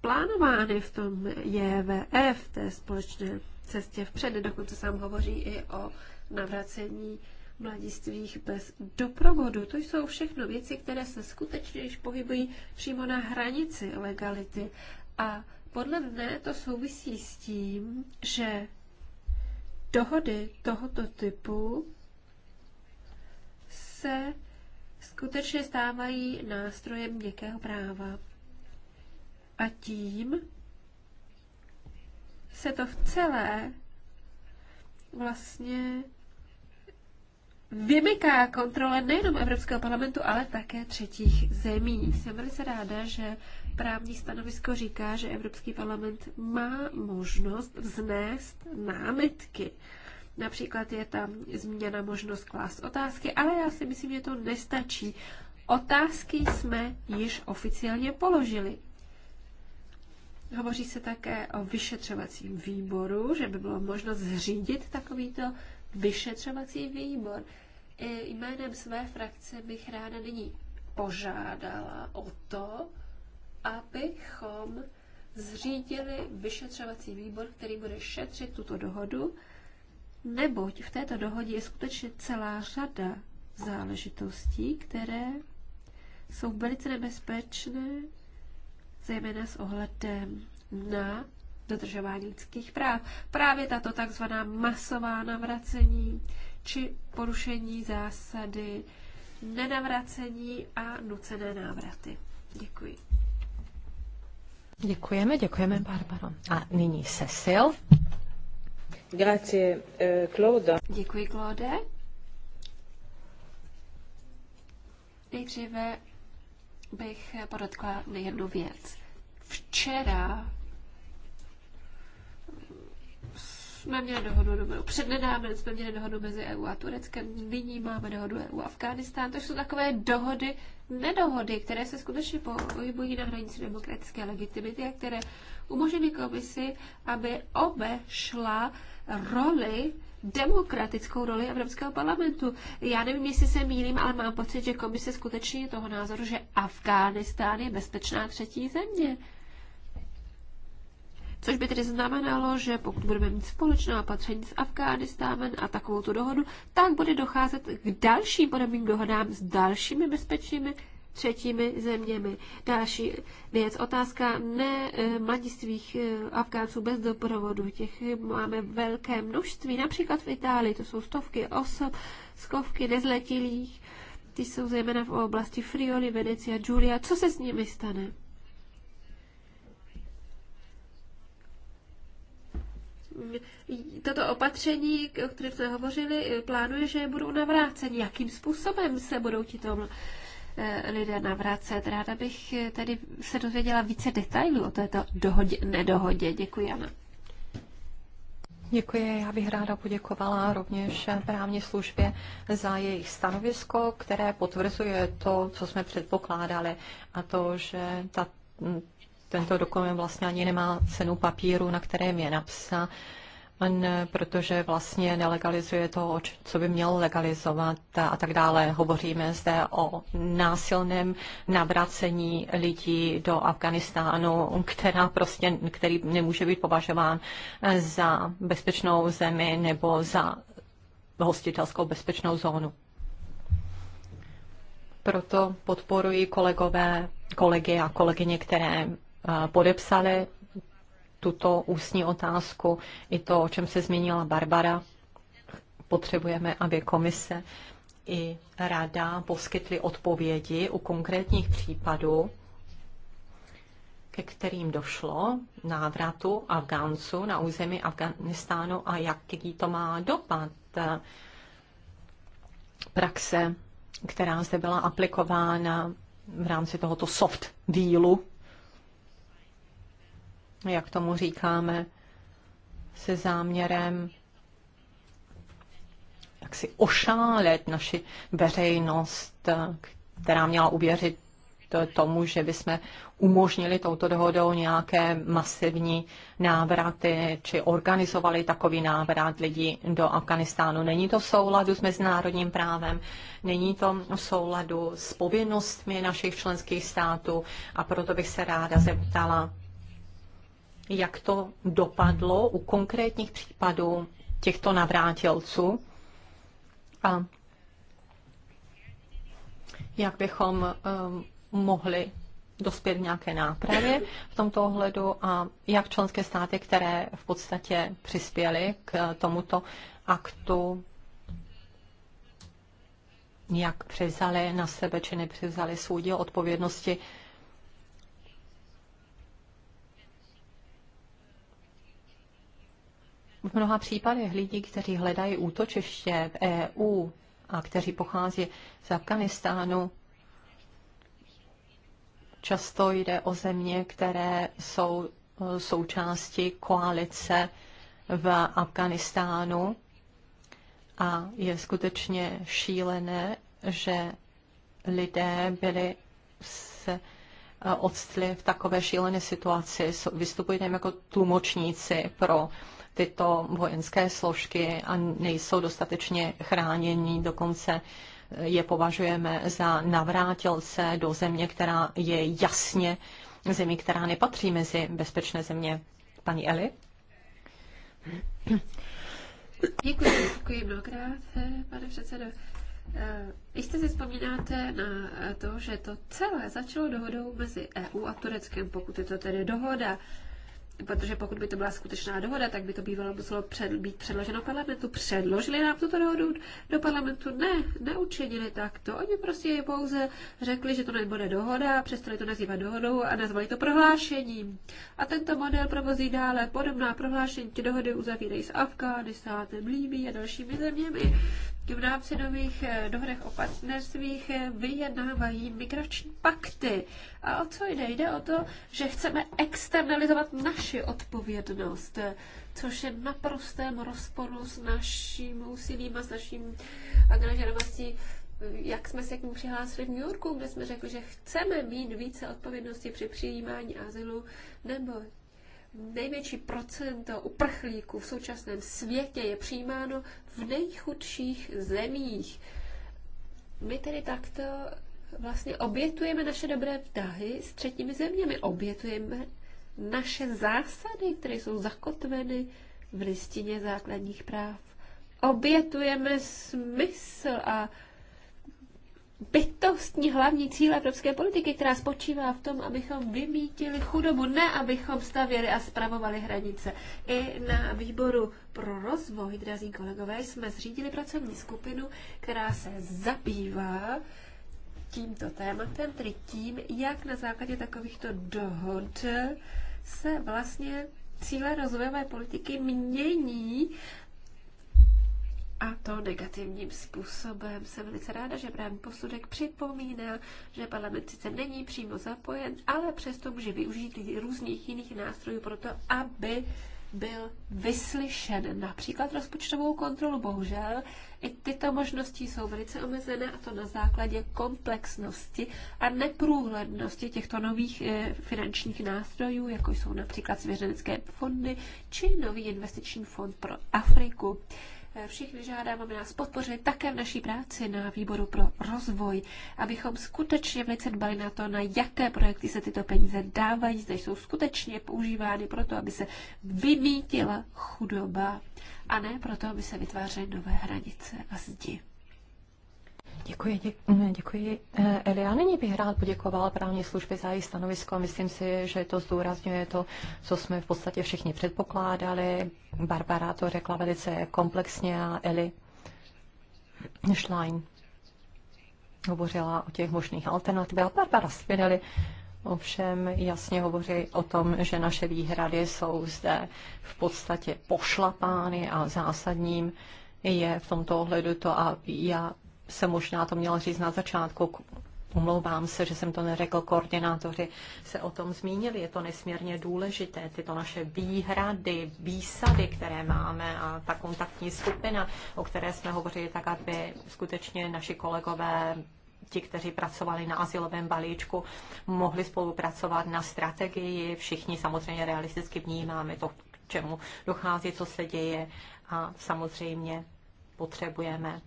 plánovány v tom JVF, té společné cestě vpřed. Dokonce se hovoří i o navracení mladistvých bez doprovodu. To jsou všechno věci, které se skutečně již pohybují přímo na hranici legality. A podle mne to souvisí s tím, že dohody tohoto typu se skutečně stávají nástrojem měkkého práva. A tím se to v celé vlastně vymyká kontrole nejenom Evropského parlamentu, ale také třetích zemí. Jsem velice ráda, že právní stanovisko říká, že Evropský parlament má možnost vznést námitky. Například je tam změna možnost klást otázky, ale já si myslím, že to nestačí. Otázky jsme již oficiálně položili. Hovoří se také o vyšetřovacím výboru, že by bylo možno zřídit takovýto vyšetřovací výbor. I jménem své frakce bych ráda nyní požádala o to, abychom zřídili vyšetřovací výbor, který bude šetřit tuto dohodu, neboť v této dohodě je skutečně celá řada záležitostí, které jsou velice nebezpečné zejména s ohledem na dodržování lidských práv. Právě tato takzvaná masová navracení či porušení zásady nenavracení a nucené návraty. Děkuji. Děkujeme, děkujeme, Barbaro. A nyní Cecil. Grazie, eh, Claude. Děkuji, Claude. Nejdříve bych podotkla jednu věc. Včera jsme měli dohodu, nebo přednedávno jsme měli dohodu mezi EU a Tureckem, nyní máme dohodu EU a Afganistán, To jsou takové dohody, nedohody, které se skutečně pohybují na hranici demokratické legitimity a které umožnily komisi, aby obešla roli demokratickou roli Evropského parlamentu. Já nevím, jestli se mýlím, ale mám pocit, že komise skutečně je toho názoru, že Afghánistán je bezpečná třetí země. Což by tedy znamenalo, že pokud budeme mít společná opatření s Afghánistánem a takovou tu dohodu, tak bude docházet k dalším podobným dohodám s dalšími bezpečnými třetími zeměmi. Další věc, otázka ne eh, mladistvých eh, Afgánců bez doprovodu. Těch máme velké množství, například v Itálii, to jsou stovky osob, skovky, nezletilých, ty jsou zejména v oblasti Frioli, Venecia, Giulia. Co se s nimi stane? toto opatření, o kterém jsme hovořili, plánuje, že budou navráceni. Jakým způsobem se budou tito Eh, lidé navracet. Ráda bych eh, tedy se dozvěděla více detailů o této dohodě, nedohodě. Děkuji, Jana. Děkuji, já bych ráda poděkovala rovněž právní službě za jejich stanovisko, které potvrzuje to, co jsme předpokládali, a to, že ta, tento dokument vlastně ani nemá cenu papíru, na kterém je napsáno protože vlastně nelegalizuje to, co by měl legalizovat a tak dále. Hovoříme zde o násilném navracení lidí do Afganistánu, která prostě, který nemůže být považován e, za bezpečnou zemi nebo za hostitelskou bezpečnou zónu. Proto podporuji kolegové, kolegy a kolegyně, které e, podepsali tuto ústní otázku, i to, o čem se zmínila Barbara. Potřebujeme, aby komise i rada poskytly odpovědi u konkrétních případů, ke kterým došlo návratu Afgánců na území Afganistánu a jaký to má dopad praxe, která zde byla aplikována v rámci tohoto soft dealu, jak tomu říkáme, se záměrem jak si ošálet naši veřejnost, která měla uvěřit tomu, že bychom umožnili touto dohodou nějaké masivní návraty, či organizovali takový návrat lidí do Afganistánu. Není to v souladu s mezinárodním právem, není to v souladu s povinnostmi našich členských států a proto bych se ráda zeptala, jak to dopadlo u konkrétních případů těchto navrátilců a jak bychom eh, mohli dospět nějaké nápravě v tomto ohledu a jak členské státy, které v podstatě přispěly k eh, tomuto aktu, jak převzali na sebe či nepřevzali svůj díl odpovědnosti v mnoha případech lidí, kteří hledají útočiště v EU a kteří pochází z Afganistánu, často jde o země, které jsou eh, součástí koalice v Afganistánu a je skutečně šílené, že lidé byli se eh, odstli v takové šílené situaci. Vystupují tam jako tlumočníci pro tyto vojenské složky a nejsou dostatečně chránění, dokonce je považujeme za navrátilce do země, která je jasně zemí, která nepatří mezi bezpečné země. Paní Eli? Děkuji, děkuji mnohokrát, pane předsedo. Eh, jistě si vzpomínáte na to, že to celé začalo dohodou mezi EU a Tureckem, pokud je to tedy dohoda protože pokud by to byla skutečná dohoda, tak by to bývalo muselo před, být předloženo parlamentu. Předložili nám tuto dohodu do parlamentu? Ne, neučinili tak to. Oni prostě pouze řekli, že to nebude dohoda, přestali to nazývat dohodou a nazvali to prohlášením. A tento model provozí dále podobná prohlášení. Ty dohody uzavírají s Afghánistánem, Líbí a dalšími zeměmi v rámci eh, dohrech o partnerstvích eh, vyjednávají migrační pakty. A o co jde? Jde o to, že chceme externalizovat naši odpovědnost, což je naprostém rozporu s naším úsilím a s naším angažovaností jak jsme se k ní přihlásili v New Yorku, kde jsme řekli, že chceme mít více odpovědnosti při přijímání azylu, nebo největší procento uprchlíků v současném světě je přijímáno v nejchudších zemích. My tedy takto vlastně obětujeme naše dobré vztahy s třetími zeměmi, obětujeme naše zásady, které jsou zakotveny v listině základních práv. Obětujeme smysl a bytostní hlavní cíl evropské politiky, která spočívá v tom, abychom vymítili chudobu, ne abychom stavěli a spravovali hranice. I na výboru pro rozvoj, drazí kolegové, jsme zřídili pracovní skupinu, která se zabývá tímto tématem, tedy tím, jak na základě takovýchto dohod se vlastně cíle rozvojové politiky mění a to negativním způsobem. Jsem velice ráda, že právní posudek připomíná, že parlament sice není přímo zapojen, ale přesto může využít různých jiných nástrojů pro to, aby byl vyslyšen, například rozpočtovou kontrolu. Bohužel i tyto možnosti jsou velice omezené a to na základě komplexnosti a neprůhlednosti těchto nových eh, finančních nástrojů, jako jsou například svěřenecké fondy či nový investiční fond pro Afriku. Všichni žádám, aby nás podpořili také v naší práci na výboru pro rozvoj, abychom skutečně velice dbali na to, na jaké projekty se tyto peníze dávají, zda jsou skutečně používány pro to, aby se vymítila chudoba a ne proto, aby se vytvářely nové hranice a zdi. Děkuji, mm, děkuji, děkuji. Eh, Elia, nyní bych rád poděkoval právní služby za její stanovisko. Myslím si, že to zdůrazňuje to, co jsme v podstatě všichni předpokládali. Barbara to řekla velice komplexně a Eli Schlein hovořila o těch možných alternativách. Barbara Spinelli ovšem jasně hovoří o tom, že naše výhrady jsou zde v podstatě pošlapány a zásadním je v tomto ohledu to a já jsem možná to měl říct na začátku, Umlouvám se, že jsem to neřekl, koordinátoři se o tom zmínili. Je to nesmírně důležité, tyto naše výhrady, výsady, které máme a ta kontaktní skupina, o které jsme hovořili, tak aby skutečně naši kolegové ti, kteří pracovali na asilovém balíčku, mohli spolupracovat na strategii. Všichni samozřejmě realisticky vnímáme to, k čemu dochází, co se děje a samozřejmě potřebujeme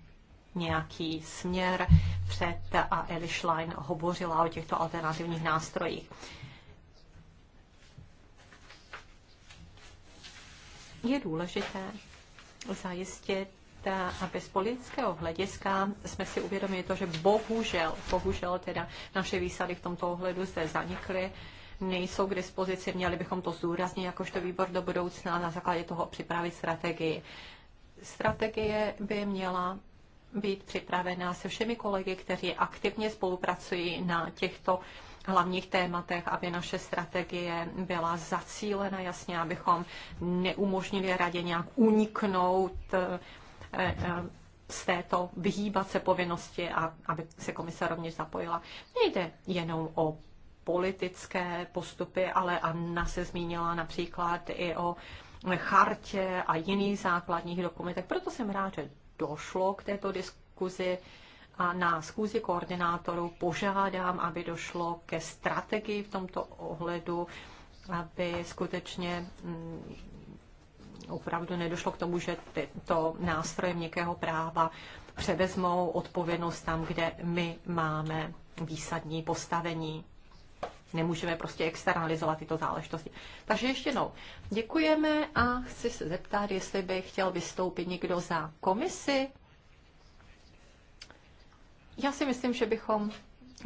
nějaký směr před a Eli Schlein hovořila o těchto alternativních nástrojích. Je důležité zajistit aby z politického hlediska jsme si uvědomili to, že bohužel, bohužel teda naše výsady v tomto ohledu zde zanikly, nejsou k dispozici, měli bychom to zdůraznit jakožto výbor do budoucna na základě toho připravit strategii. Strategie by měla být připravená se všemi kolegy, kteří aktivně spolupracují na těchto hlavních tématech, aby naše strategie byla zacílena jasně, abychom neumožnili radě nějak uniknout eh, eh, z této vyhýbat se povinnosti a aby se komise rovněž zapojila. Nejde jenom o politické postupy, ale Anna se zmínila například i o chartě a jiných základních dokumentech. Proto jsem rád, že došlo k této diskuzi a na schůzi koordinátorů požádám, aby došlo ke strategii v tomto ohledu, aby skutečně mm, opravdu nedošlo k tomu, že tyto nástroje měkkého práva převezmou odpovědnost tam, kde my máme výsadní postavení nemůžeme prostě externalizovat tyto záležitosti. Takže ještě jednou, děkujeme a chci se zeptat, jestli by chtěl vystoupit někdo za komisi. Já si myslím, že bychom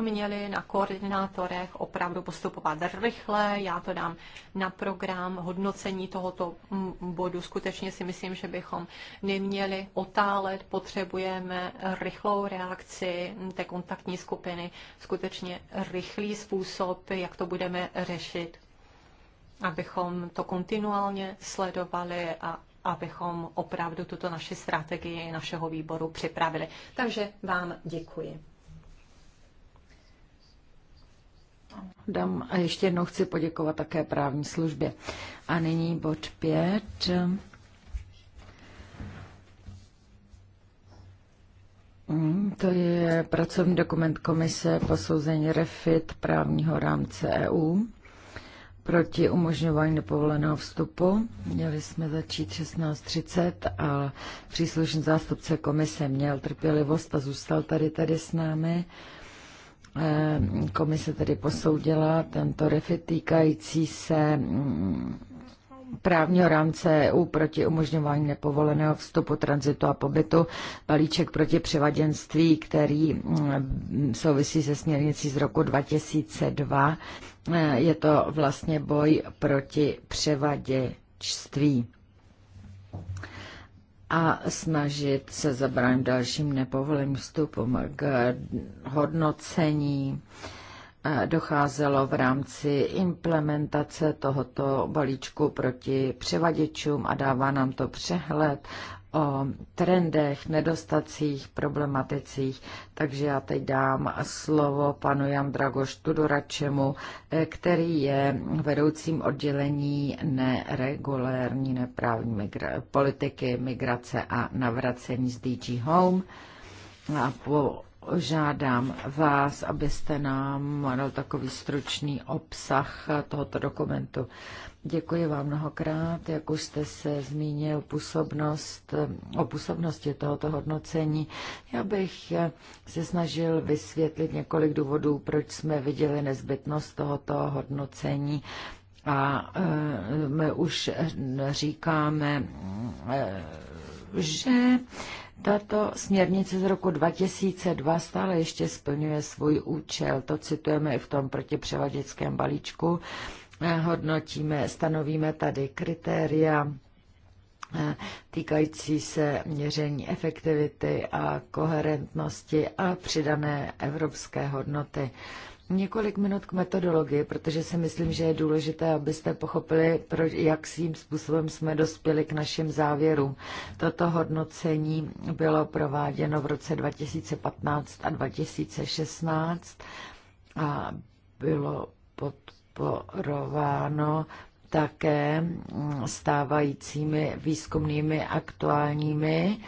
měli na koordinátorech opravdu postupovat rychle. Já to dám na program hodnocení tohoto bodu. Skutečně si myslím, že bychom neměli otálet. Potřebujeme rychlou reakci té kontaktní skupiny, skutečně rychlý způsob, jak to budeme řešit abychom to kontinuálně sledovali a abychom opravdu tuto naši strategii našeho výboru připravili. Takže vám děkuji. Dám a ještě jednou chci poděkovat také právní službě. A nyní bod 5. Mm, to je pracovní dokument komise posouzení refit právního rámce EU proti umožňování nepovoleného vstupu. Měli jsme začít 16.30 a příslušný zástupce komise měl trpělivost a zůstal tady tady s námi. Eh, komise tedy posoudila tento refit týkající se mm, právního rámce EU proti umožňování nepovoleného vstupu, tranzitu a pobytu, balíček proti převaděnství, který mm, souvisí se směrnicí z roku 2002. Eh, je to vlastně boj proti převaděčství a snažit se zabránit dalším nepovoleným vstupům k hodnocení docházelo v rámci implementace tohoto balíčku proti převaděčům a dává nám to přehled o trendech, nedostacích, problematicích. Takže já teď dám slovo panu Dragoš Tudoračemu, eh, který je vedoucím oddělení neregulérní neprávní migra- politiky, migrace a navracení z DG Home. No a požádám vás, abyste nám dal takový stručný obsah tohoto dokumentu. Děkuji vám mnohokrát. Jak už jste se zmínil působnost, o působnosti tohoto hodnocení, já bych se snažil vysvětlit několik důvodů, proč jsme viděli nezbytnost tohoto hodnocení. A e, my už říkáme, e, že tato směrnice z roku 2002 stále ještě splňuje svůj účel. To citujeme i v tom protipřevaděckém balíčku hodnotíme, stanovíme tady kritéria eh, týkající se měření efektivity a koherentnosti a přidané evropské hodnoty. Několik minut k metodologii, protože si myslím, že je důležité, abyste pochopili, proč, jak svým způsobem jsme dospěli k našim závěrům. Toto hodnocení bylo prováděno v roce 2015 a 2016 a bylo pod podporováno také stávajícími výzkumnými aktuálními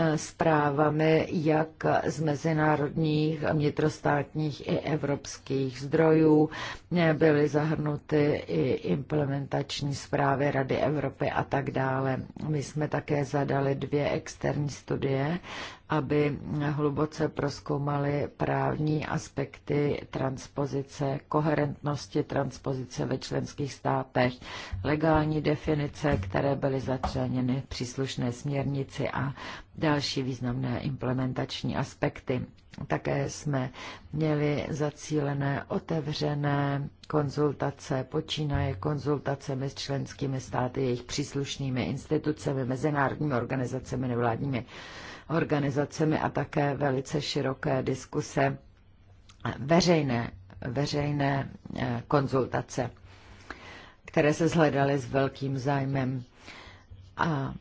Eh, zprávami jak z mezinárodních, vnitrostátních i evropských zdrojů. Eh, byly zahrnuty i implementační zprávy Rady Evropy a tak dále. My jsme také zadali dvě externí studie, aby hluboce proskoumali právní aspekty transpozice, koherentnosti transpozice ve členských státech, legální definice, které byly začleněny v příslušné směrnici a další významné implementační aspekty. Také jsme měli zacílené otevřené konzultace, počínaje konzultacemi s členskými státy, jejich příslušnými institucemi, mezinárodními organizacemi, nevládními organizacemi a také velice široké diskuse, veřejné, veřejné eh, konzultace, které se shledaly s velkým zájmem. A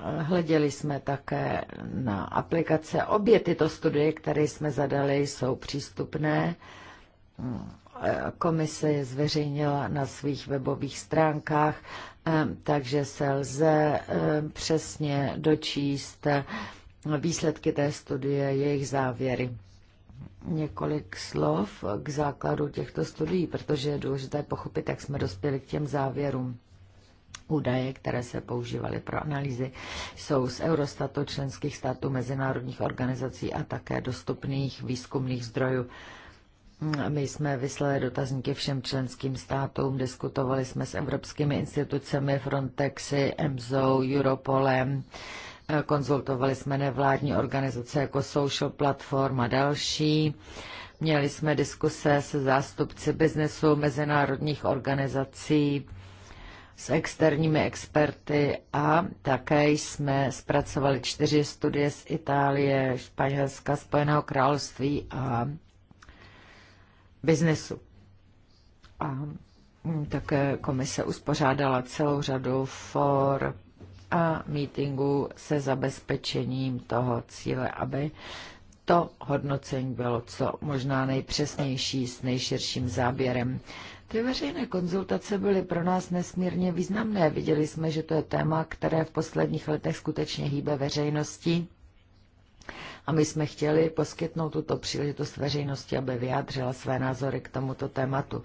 Hleděli jsme také na aplikace. Obě tyto studie, které jsme zadali, jsou přístupné. Komise je zveřejnila na svých webových stránkách, takže se lze přesně dočíst výsledky té studie, jejich závěry. Několik slov k základu těchto studií, protože je důležité pochopit, jak jsme dospěli k těm závěrům. Údaje, které se používaly pro analýzy, jsou z Eurostatu, členských států, mezinárodních organizací a také dostupných výzkumných zdrojů. My jsme vyslali dotazníky všem členským státům, diskutovali jsme s evropskými institucemi, Frontexy, EMZO, Europolem, konzultovali jsme nevládní organizace jako Social Platform a další. Měli jsme diskuse se zástupci biznesu, mezinárodních organizací, s externími experty a také jsme zpracovali čtyři studie z Itálie, Španělska, Spojeného království a biznesu. A mm, také komise uspořádala celou řadu for a meetingů se zabezpečením toho cíle, aby to hodnocení bylo co možná nejpřesnější s nejširším záběrem. Ty veřejné konzultace byly pro nás nesmírně významné. Viděli jsme, že to je téma, které v posledních letech skutečně hýbe veřejností a my jsme chtěli poskytnout tuto příležitost veřejnosti, aby vyjádřila své názory k tomuto tématu.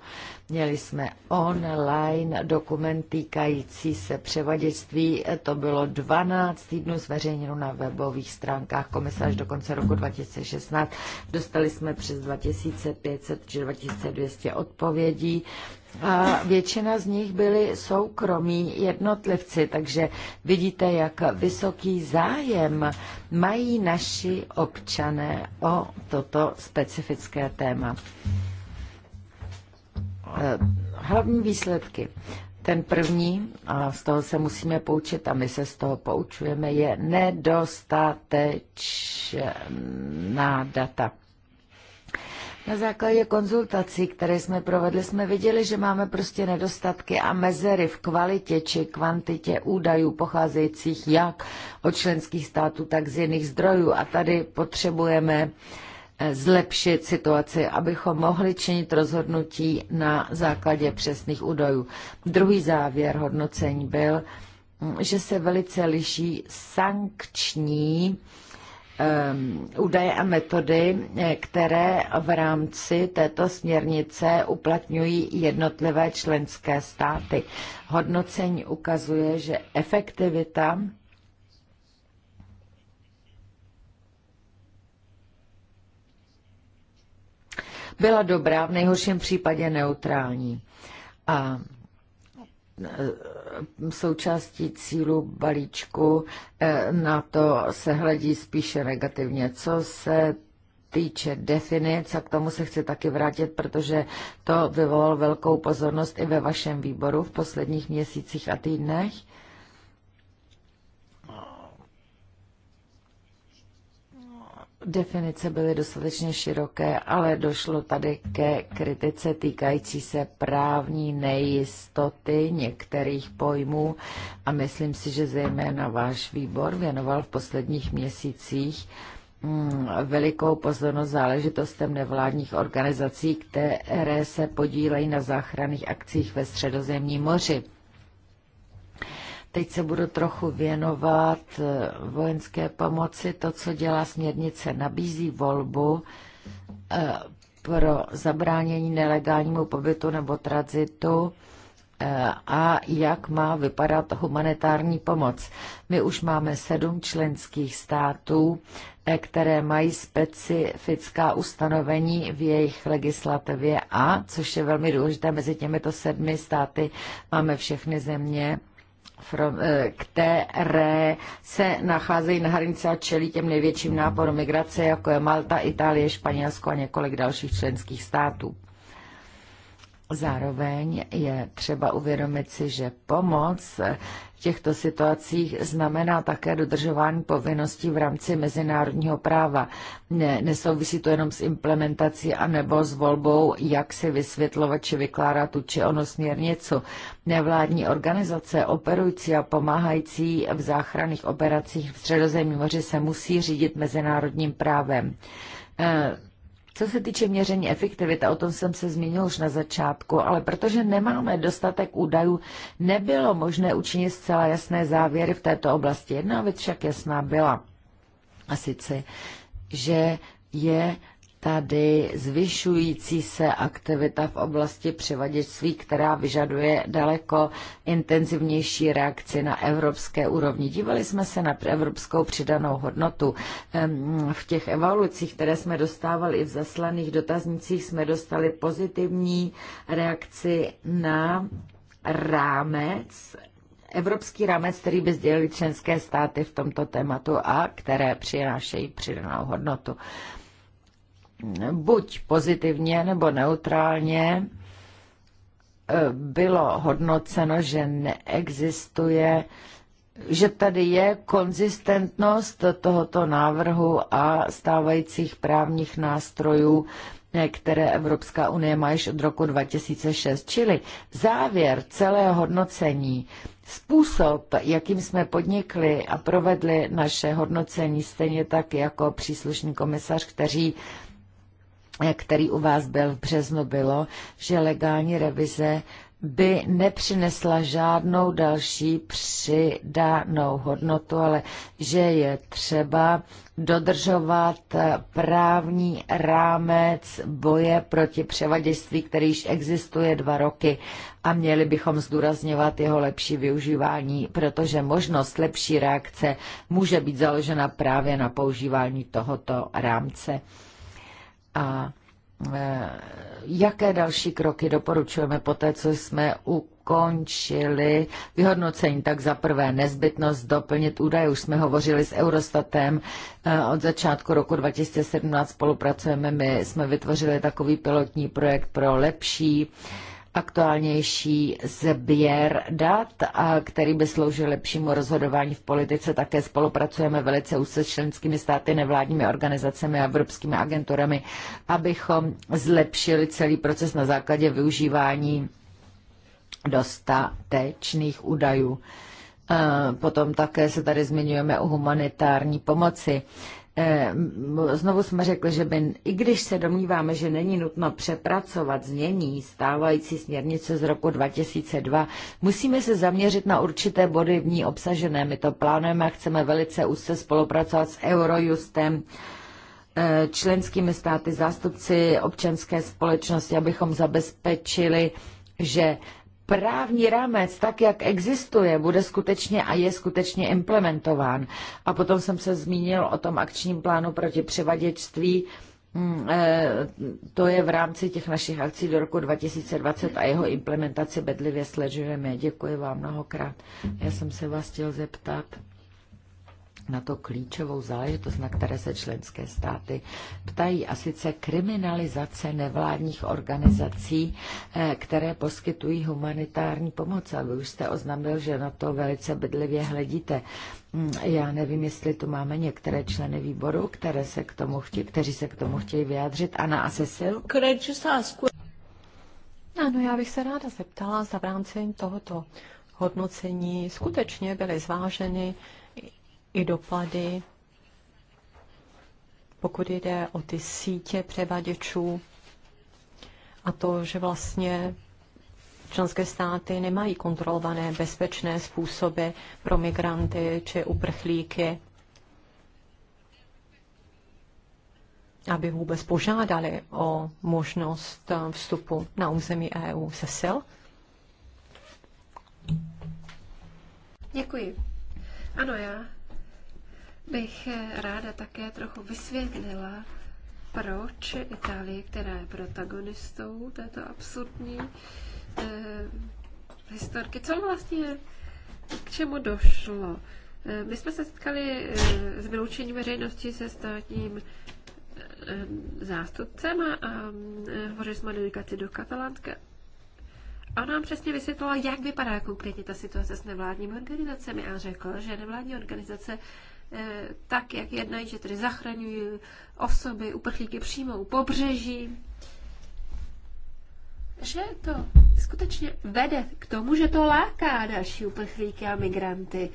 Měli jsme online dokument týkající se převaděčství. To bylo 12 týdnů zveřejněno na webových stránkách komise až do konce roku 2016. Dostali jsme přes 2500 či 2200 odpovědí a většina z nich byli soukromí jednotlivci, takže vidíte, jak vysoký zájem mají naši občané o toto specifické téma. E, hlavní výsledky. Ten první, a z toho se musíme poučit a my se z toho poučujeme, je nedostatečná data. Na základě konzultací, které jsme provedli, jsme viděli, že máme prostě nedostatky a mezery v kvalitě či kvantitě údajů pocházejících jak od členských států, tak z jiných zdrojů. A tady potřebujeme eh, zlepšit situaci, abychom mohli činit rozhodnutí na základě přesných údajů. Druhý závěr hodnocení byl, mm, že se velice liší sankční Ehm, údaje a metody, které v rámci této směrnice uplatňují jednotlivé členské státy. Hodnocení ukazuje, že efektivita byla dobrá, v nejhorším případě neutrální. A Eh, součástí cílu balíčku eh, na to se hledí spíše negativně. Co se týče definic, a k tomu se chci taky vrátit, protože to vyvolalo velkou pozornost i ve vašem výboru v posledních měsících a týdnech. definice byly dostatečně široké, ale došlo tady ke kritice týkající se právní nejistoty některých pojmů a myslím si, že zejména váš výbor věnoval v posledních měsících mm, velikou pozornost záležitostem nevládních organizací, které se podílejí na záchranných akcích ve středozemním moři. Teď se budu trochu věnovat eh, vojenské pomoci. To, co dělá směrnice, nabízí volbu eh, pro zabránění nelegálnímu pobytu nebo tranzitu eh, a jak má vypadat humanitární pomoc. My už máme sedm členských států, které mají specifická ustanovení v jejich legislativě a, což je velmi důležité, mezi těmito sedmi státy máme všechny země, Eh, které se nacházejí na hranici a čelí těm největším náporům migrace, jako je Malta, Itálie, Španělsko a několik dalších členských států. Zároveň je třeba uvědomit si, že pomoc v těchto situacích znamená také dodržování povinností v rámci mezinárodního práva. Ne, nesouvisí to jenom s implementací nebo s volbou, jak si vysvětlovat či vykládat tu či ono směrnicu. Nevládní organizace operující a pomáhající v záchranných operacích v Středozemí moři se musí řídit mezinárodním právem. Eh, co se týče měření efektivity, o tom jsem se zmínil už na začátku, ale protože nemáme dostatek údajů, nebylo možné učinit zcela jasné závěry v této oblasti. Jedna věc však jasná byla, a sice, že je tady zvyšující se aktivita v oblasti převaděčství, která vyžaduje daleko intenzivnější reakci na evropské úrovni. Dívali jsme se na evropskou přidanou hodnotu. V těch evolucích, které jsme dostávali i v zaslaných dotaznicích, jsme dostali pozitivní reakci na rámec evropský rámec, který by sdělili členské státy v tomto tématu a které přinášejí přidanou hodnotu buď pozitivně nebo neutrálně eh, bylo hodnoceno, že neexistuje, že tady je konzistentnost tohoto návrhu a stávajících právních nástrojů, eh, které Evropská unie má již od roku 2006. Čili závěr celého hodnocení, způsob, jakým jsme podnikli a provedli naše hodnocení, stejně tak jako příslušný komisař, kteří který u vás byl v březnu, bylo, že legální revize by nepřinesla žádnou další přidanou hodnotu, ale že je třeba dodržovat právní rámec boje proti převaděství, který již existuje dva roky a měli bychom zdůrazňovat jeho lepší využívání, protože možnost lepší reakce může být založena právě na používání tohoto rámce. A e, jaké další kroky doporučujeme po té, co jsme ukončili vyhodnocení? Tak za prvé nezbytnost doplnit údaje. Už jsme hovořili s Eurostatem e, od začátku roku 2017 spolupracujeme. My jsme vytvořili takový pilotní projekt pro lepší uh, aktuálnější zběr dat, a který by sloužil lepšímu rozhodování v politice. Také spolupracujeme velice úzce s členskými státy, nevládními organizacemi a evropskými agenturami, abychom zlepšili celý proces na základě využívání dostatečných údajů. Eh, potom také se tady zmiňujeme o humanitární pomoci. Eh, znovu jsme řekli, že by, i když se domníváme, že není nutno přepracovat znění stávající směrnice z roku 2002, musíme se zaměřit na určité body v ní obsažené. My to plánujeme a chceme velice úzce spolupracovat s Eurojustem, eh, členskými státy, zástupci občanské společnosti, abychom zabezpečili, že právní rámec, tak jak existuje, bude skutečně a je skutečně implementován. A potom jsem se zmínil o tom akčním plánu proti převaděčství. Hmm, eh, to je v rámci těch našich akcí do roku 2020 a jeho implementaci bedlivě sledujeme. Děkuji vám mnohokrát. Já jsem se vás chtěl zeptat na to klíčovou záležitost, na které se členské státy ptají, a sice kriminalizace nevládních organizací, eh, které poskytují humanitární pomoc. A vy už jste oznámil, že na to velice bedlivě hledíte. Mm, já nevím, jestli tu máme některé členy výboru, které se k tomu chtějí, kteří se k tomu chtějí vyjádřit. Ana a Cecil? Ano, já bych se ráda zeptala, za v rámci tohoto hodnocení skutečně byly zváženy uh, i dopady, pokud jde o ty sítě převaděčů a to, že vlastně členské státy nemají kontrolované bezpečné způsoby pro migranty či uprchlíky, aby vůbec požádali o možnost vstupu na území EU. sil. Děkuji. Ano, já bych ráda také trochu vysvětlila, proč Itálie, která je protagonistou této absurdní eh, historky, co vlastně k čemu došlo. Eh, my jsme se setkali eh, s vyloučením veřejnosti se státním eh, zástupcem a eh, hovořili jsme o dedikaci do Katalánska. A nám přesně vysvětlila, jak vypadá konkrétně ta situace s nevládními organizacemi a řekl, že nevládní organizace eh, Eh, tak, jak jednají, že tedy zachraňují osoby, uprchlíky přímo u pobřeží, že to skutečně vede k tomu, že to láká další uprchlíky a migranty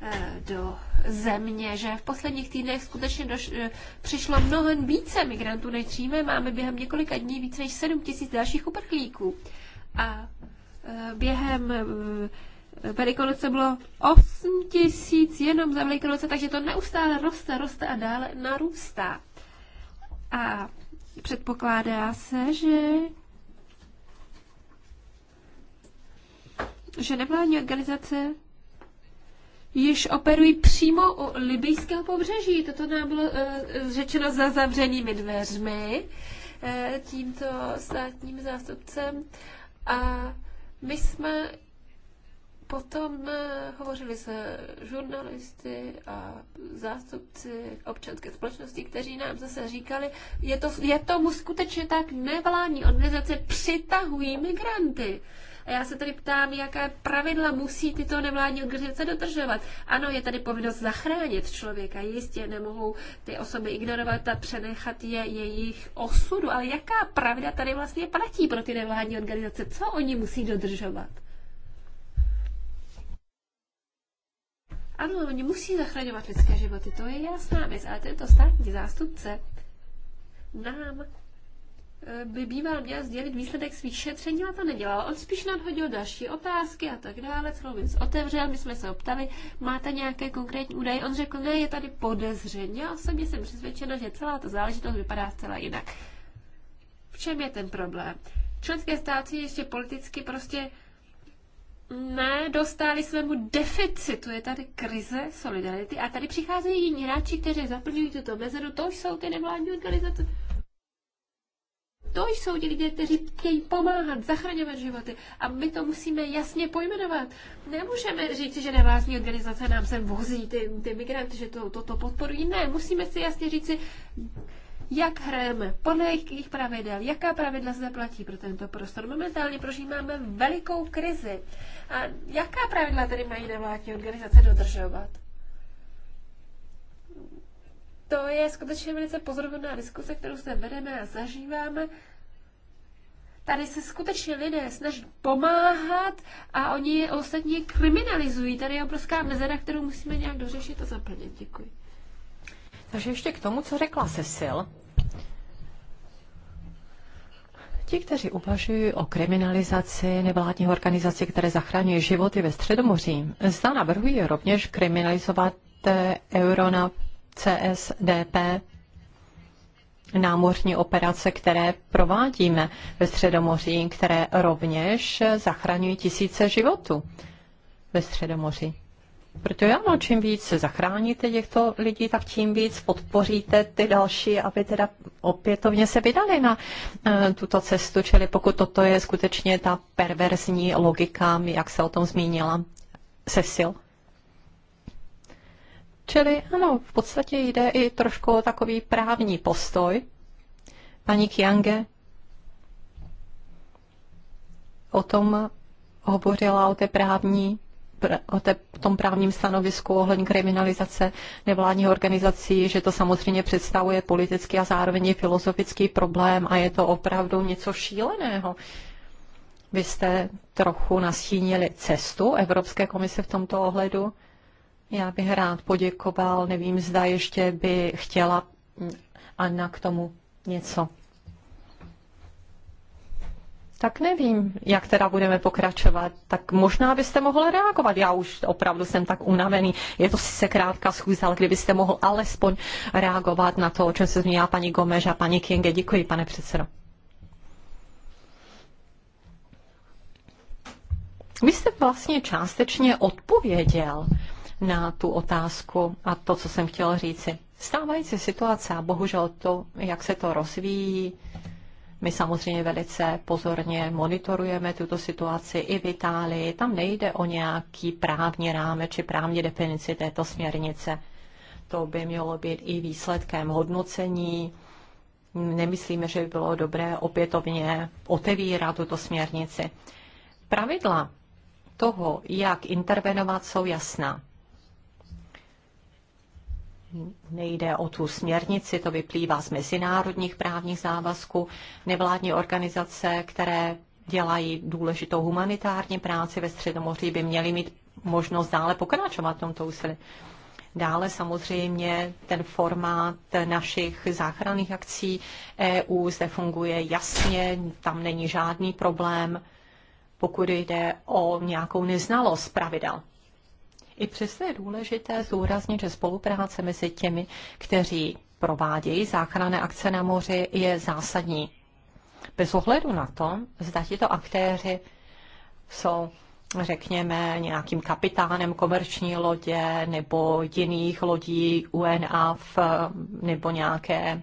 eh, do země, že v posledních týdnech skutečně doš- eh, přišlo mnohem více migrantů než dříve. Máme během několika dní více než 7 tisíc dalších uprchlíků. A během Velikonoce bylo 8 tisíc jenom za Velikonoce, takže to neustále roste, roste a dále narůstá. A předpokládá se, že že nevládní organizace již operují přímo u libijského pobřeží. Toto nám bylo uh, řečeno za zavřenými dveřmi uh, tímto státním zástupcem. A my jsme Potom eh, hovořili se žurnalisty a zástupci občanské společnosti, kteří nám zase říkali, je, to, je tomu skutečně tak, nevládní organizace přitahují migranty. A já se tady ptám, jaké pravidla musí tyto nevládní organizace dodržovat. Ano, je tady povinnost zachránit člověka, jistě nemohou ty osoby ignorovat a přenechat je jejich osudu, ale jaká pravda tady vlastně platí pro ty nevládní organizace? Co oni musí dodržovat? Ano, oni musí zachraňovat lidské životy, to je jasná věc, ale tento státní zástupce nám eh, by býval měl sdělit výsledek svých šetření, a to nedělal. On spíš nadhodil další otázky a tak dále, celou věc otevřel, my jsme se optali, máte nějaké konkrétní údaje? On řekl, ne, je tady podezření. Já osobně jsem přesvědčena, že celá ta záležitost vypadá zcela jinak. V čem je ten problém? Členské státy ještě politicky prostě dostali svému deficitu. Je tady krize solidarity a tady přicházejí jiní hráči, kteří zaplňují tuto mezeru. To jsou ty nevládní organizace. To jsou ti lidé, kteří chtějí pomáhat, zachraňovat životy. A my to musíme jasně pojmenovat. Nemůžeme říct, že nevládní organizace nám sem vozí ty, ty migranty, že to, to, to podporují. Ne, musíme si jasně říci, jak hrajeme, podle jakých pravidel, jaká pravidla se platí pro tento prostor. Momentálně prožíváme velikou krizi. A jaká pravidla tedy mají nevládní organizace dodržovat? To je skutečně velice pozorovaná diskuse, kterou se vedeme a zažíváme. Tady se skutečně lidé snaží pomáhat a oni je ostatní kriminalizují. Tady je obrovská mezera, kterou musíme nějak dořešit a zaplnit. Děkuji. Takže ještě k tomu, co řekla Cecil, Ti, kteří uvažují o kriminalizaci nevládních organizací, které zachrání životy ve Středomoří, zda navrhují rovněž kriminalizovat eh, Eurona CSDP námořní operace, které provádíme ve Středomoří, které rovněž zachraňují tisíce životů ve Středomoří. Protože ano, čím víc zachráníte těchto lidí, tak tím víc podpoříte ty další, aby teda opětovně se vydali na eh, tuto cestu. Čili pokud toto je skutečně ta perverzní logika, jak se o tom zmínila Cecil. Čili ano, v podstatě jde i trošku o takový právní postoj. Paní Kiange o tom hovořila o té právní o té, tom právním stanovisku ohledně kriminalizace nevládních organizací, že to samozřejmě představuje politický a zároveň i filozofický problém a je to opravdu něco šíleného. Vy jste trochu nastínili cestu Evropské komise v tomto ohledu. Já bych rád poděkoval, nevím, zda ještě by chtěla hm, Anna k tomu něco tak nevím, jak teda budeme pokračovat. Tak možná byste mohl reagovat. Já už opravdu jsem tak unavený. Je to sice krátká schůze, ale kdybyste mohl alespoň reagovat na to, o čem se zmínila paní Gomeš a paní Kienge. Děkuji, pane předsedo. Vy jste vlastně částečně odpověděl na tu otázku a to, co jsem chtěl říci. Stávající situace a bohužel to, jak se to rozvíjí, my samozřejmě velice pozorně monitorujeme tuto situaci i v Itálii. Tam nejde o nějaký právní rámec či právní definici této směrnice. To by mělo být i výsledkem hodnocení. Nemyslíme, že by bylo dobré opětovně otevírat tuto směrnici. Pravidla toho, jak intervenovat, jsou jasná nejde o tu směrnici, to vyplývá z mezinárodních právních závazků, nevládní organizace, které dělají důležitou humanitární práci ve Středomoří, by měly mít možnost dále pokračovat v tomto úsilí. Dále samozřejmě ten formát našich záchranných akcí EU zde funguje jasně, tam není žádný problém, pokud jde o nějakou neznalost pravidel. I přesto je důležité zdůraznit, že spolupráce mezi těmi, kteří provádějí záchranné akce na moři, je zásadní. Bez ohledu na to, zda tito aktéři jsou řekněme, nějakým kapitánem komerční lodě nebo jiných lodí UNAF nebo nějaké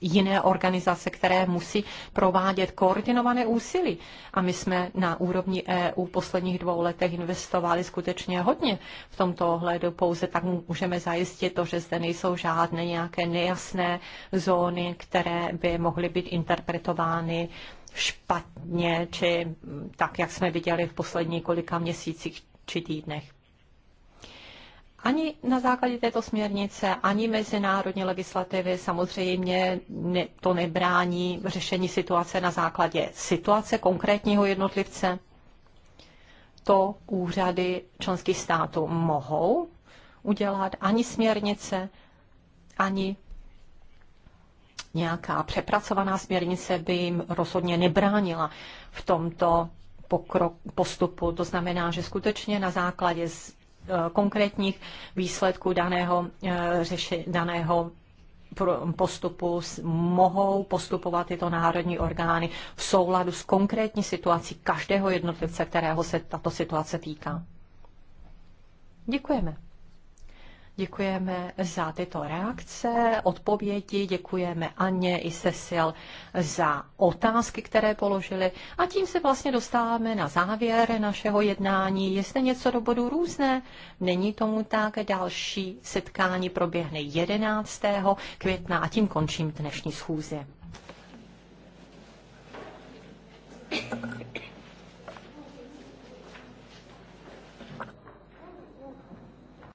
jiné organizace, které musí provádět koordinované úsilí. A my jsme na úrovni EU v posledních dvou letech investovali skutečně hodně v tomto ohledu. Pouze tak můžeme zajistit to, že zde nejsou žádné nějaké nejasné zóny, které by mohly být interpretovány špatně, či tak, jak jsme viděli v posledních kolika měsících či týdnech. Ani na základě této směrnice, ani mezinárodní legislativy samozřejmě to nebrání řešení situace na základě situace konkrétního jednotlivce. To úřady členských států mohou udělat ani směrnice, ani nějaká přepracovaná směrnice by jim rozhodně nebránila v tomto pokrok, postupu. To znamená, že skutečně na základě Eh, konkrétních výsledků daného, eh, řeši, daného postupu mohou postupovat tyto národní orgány v souladu s konkrétní situací každého jednotlivce, kterého se tato situace týká. Děkujeme. Děkujeme za tyto reakce, odpovědi, děkujeme Aně i Cecil za otázky, které položili. A tím se vlastně dostáváme na závěr našeho jednání. Jestli něco do bodu různé, není tomu tak, další setkání proběhne 11. května a tím končím dnešní schůzi.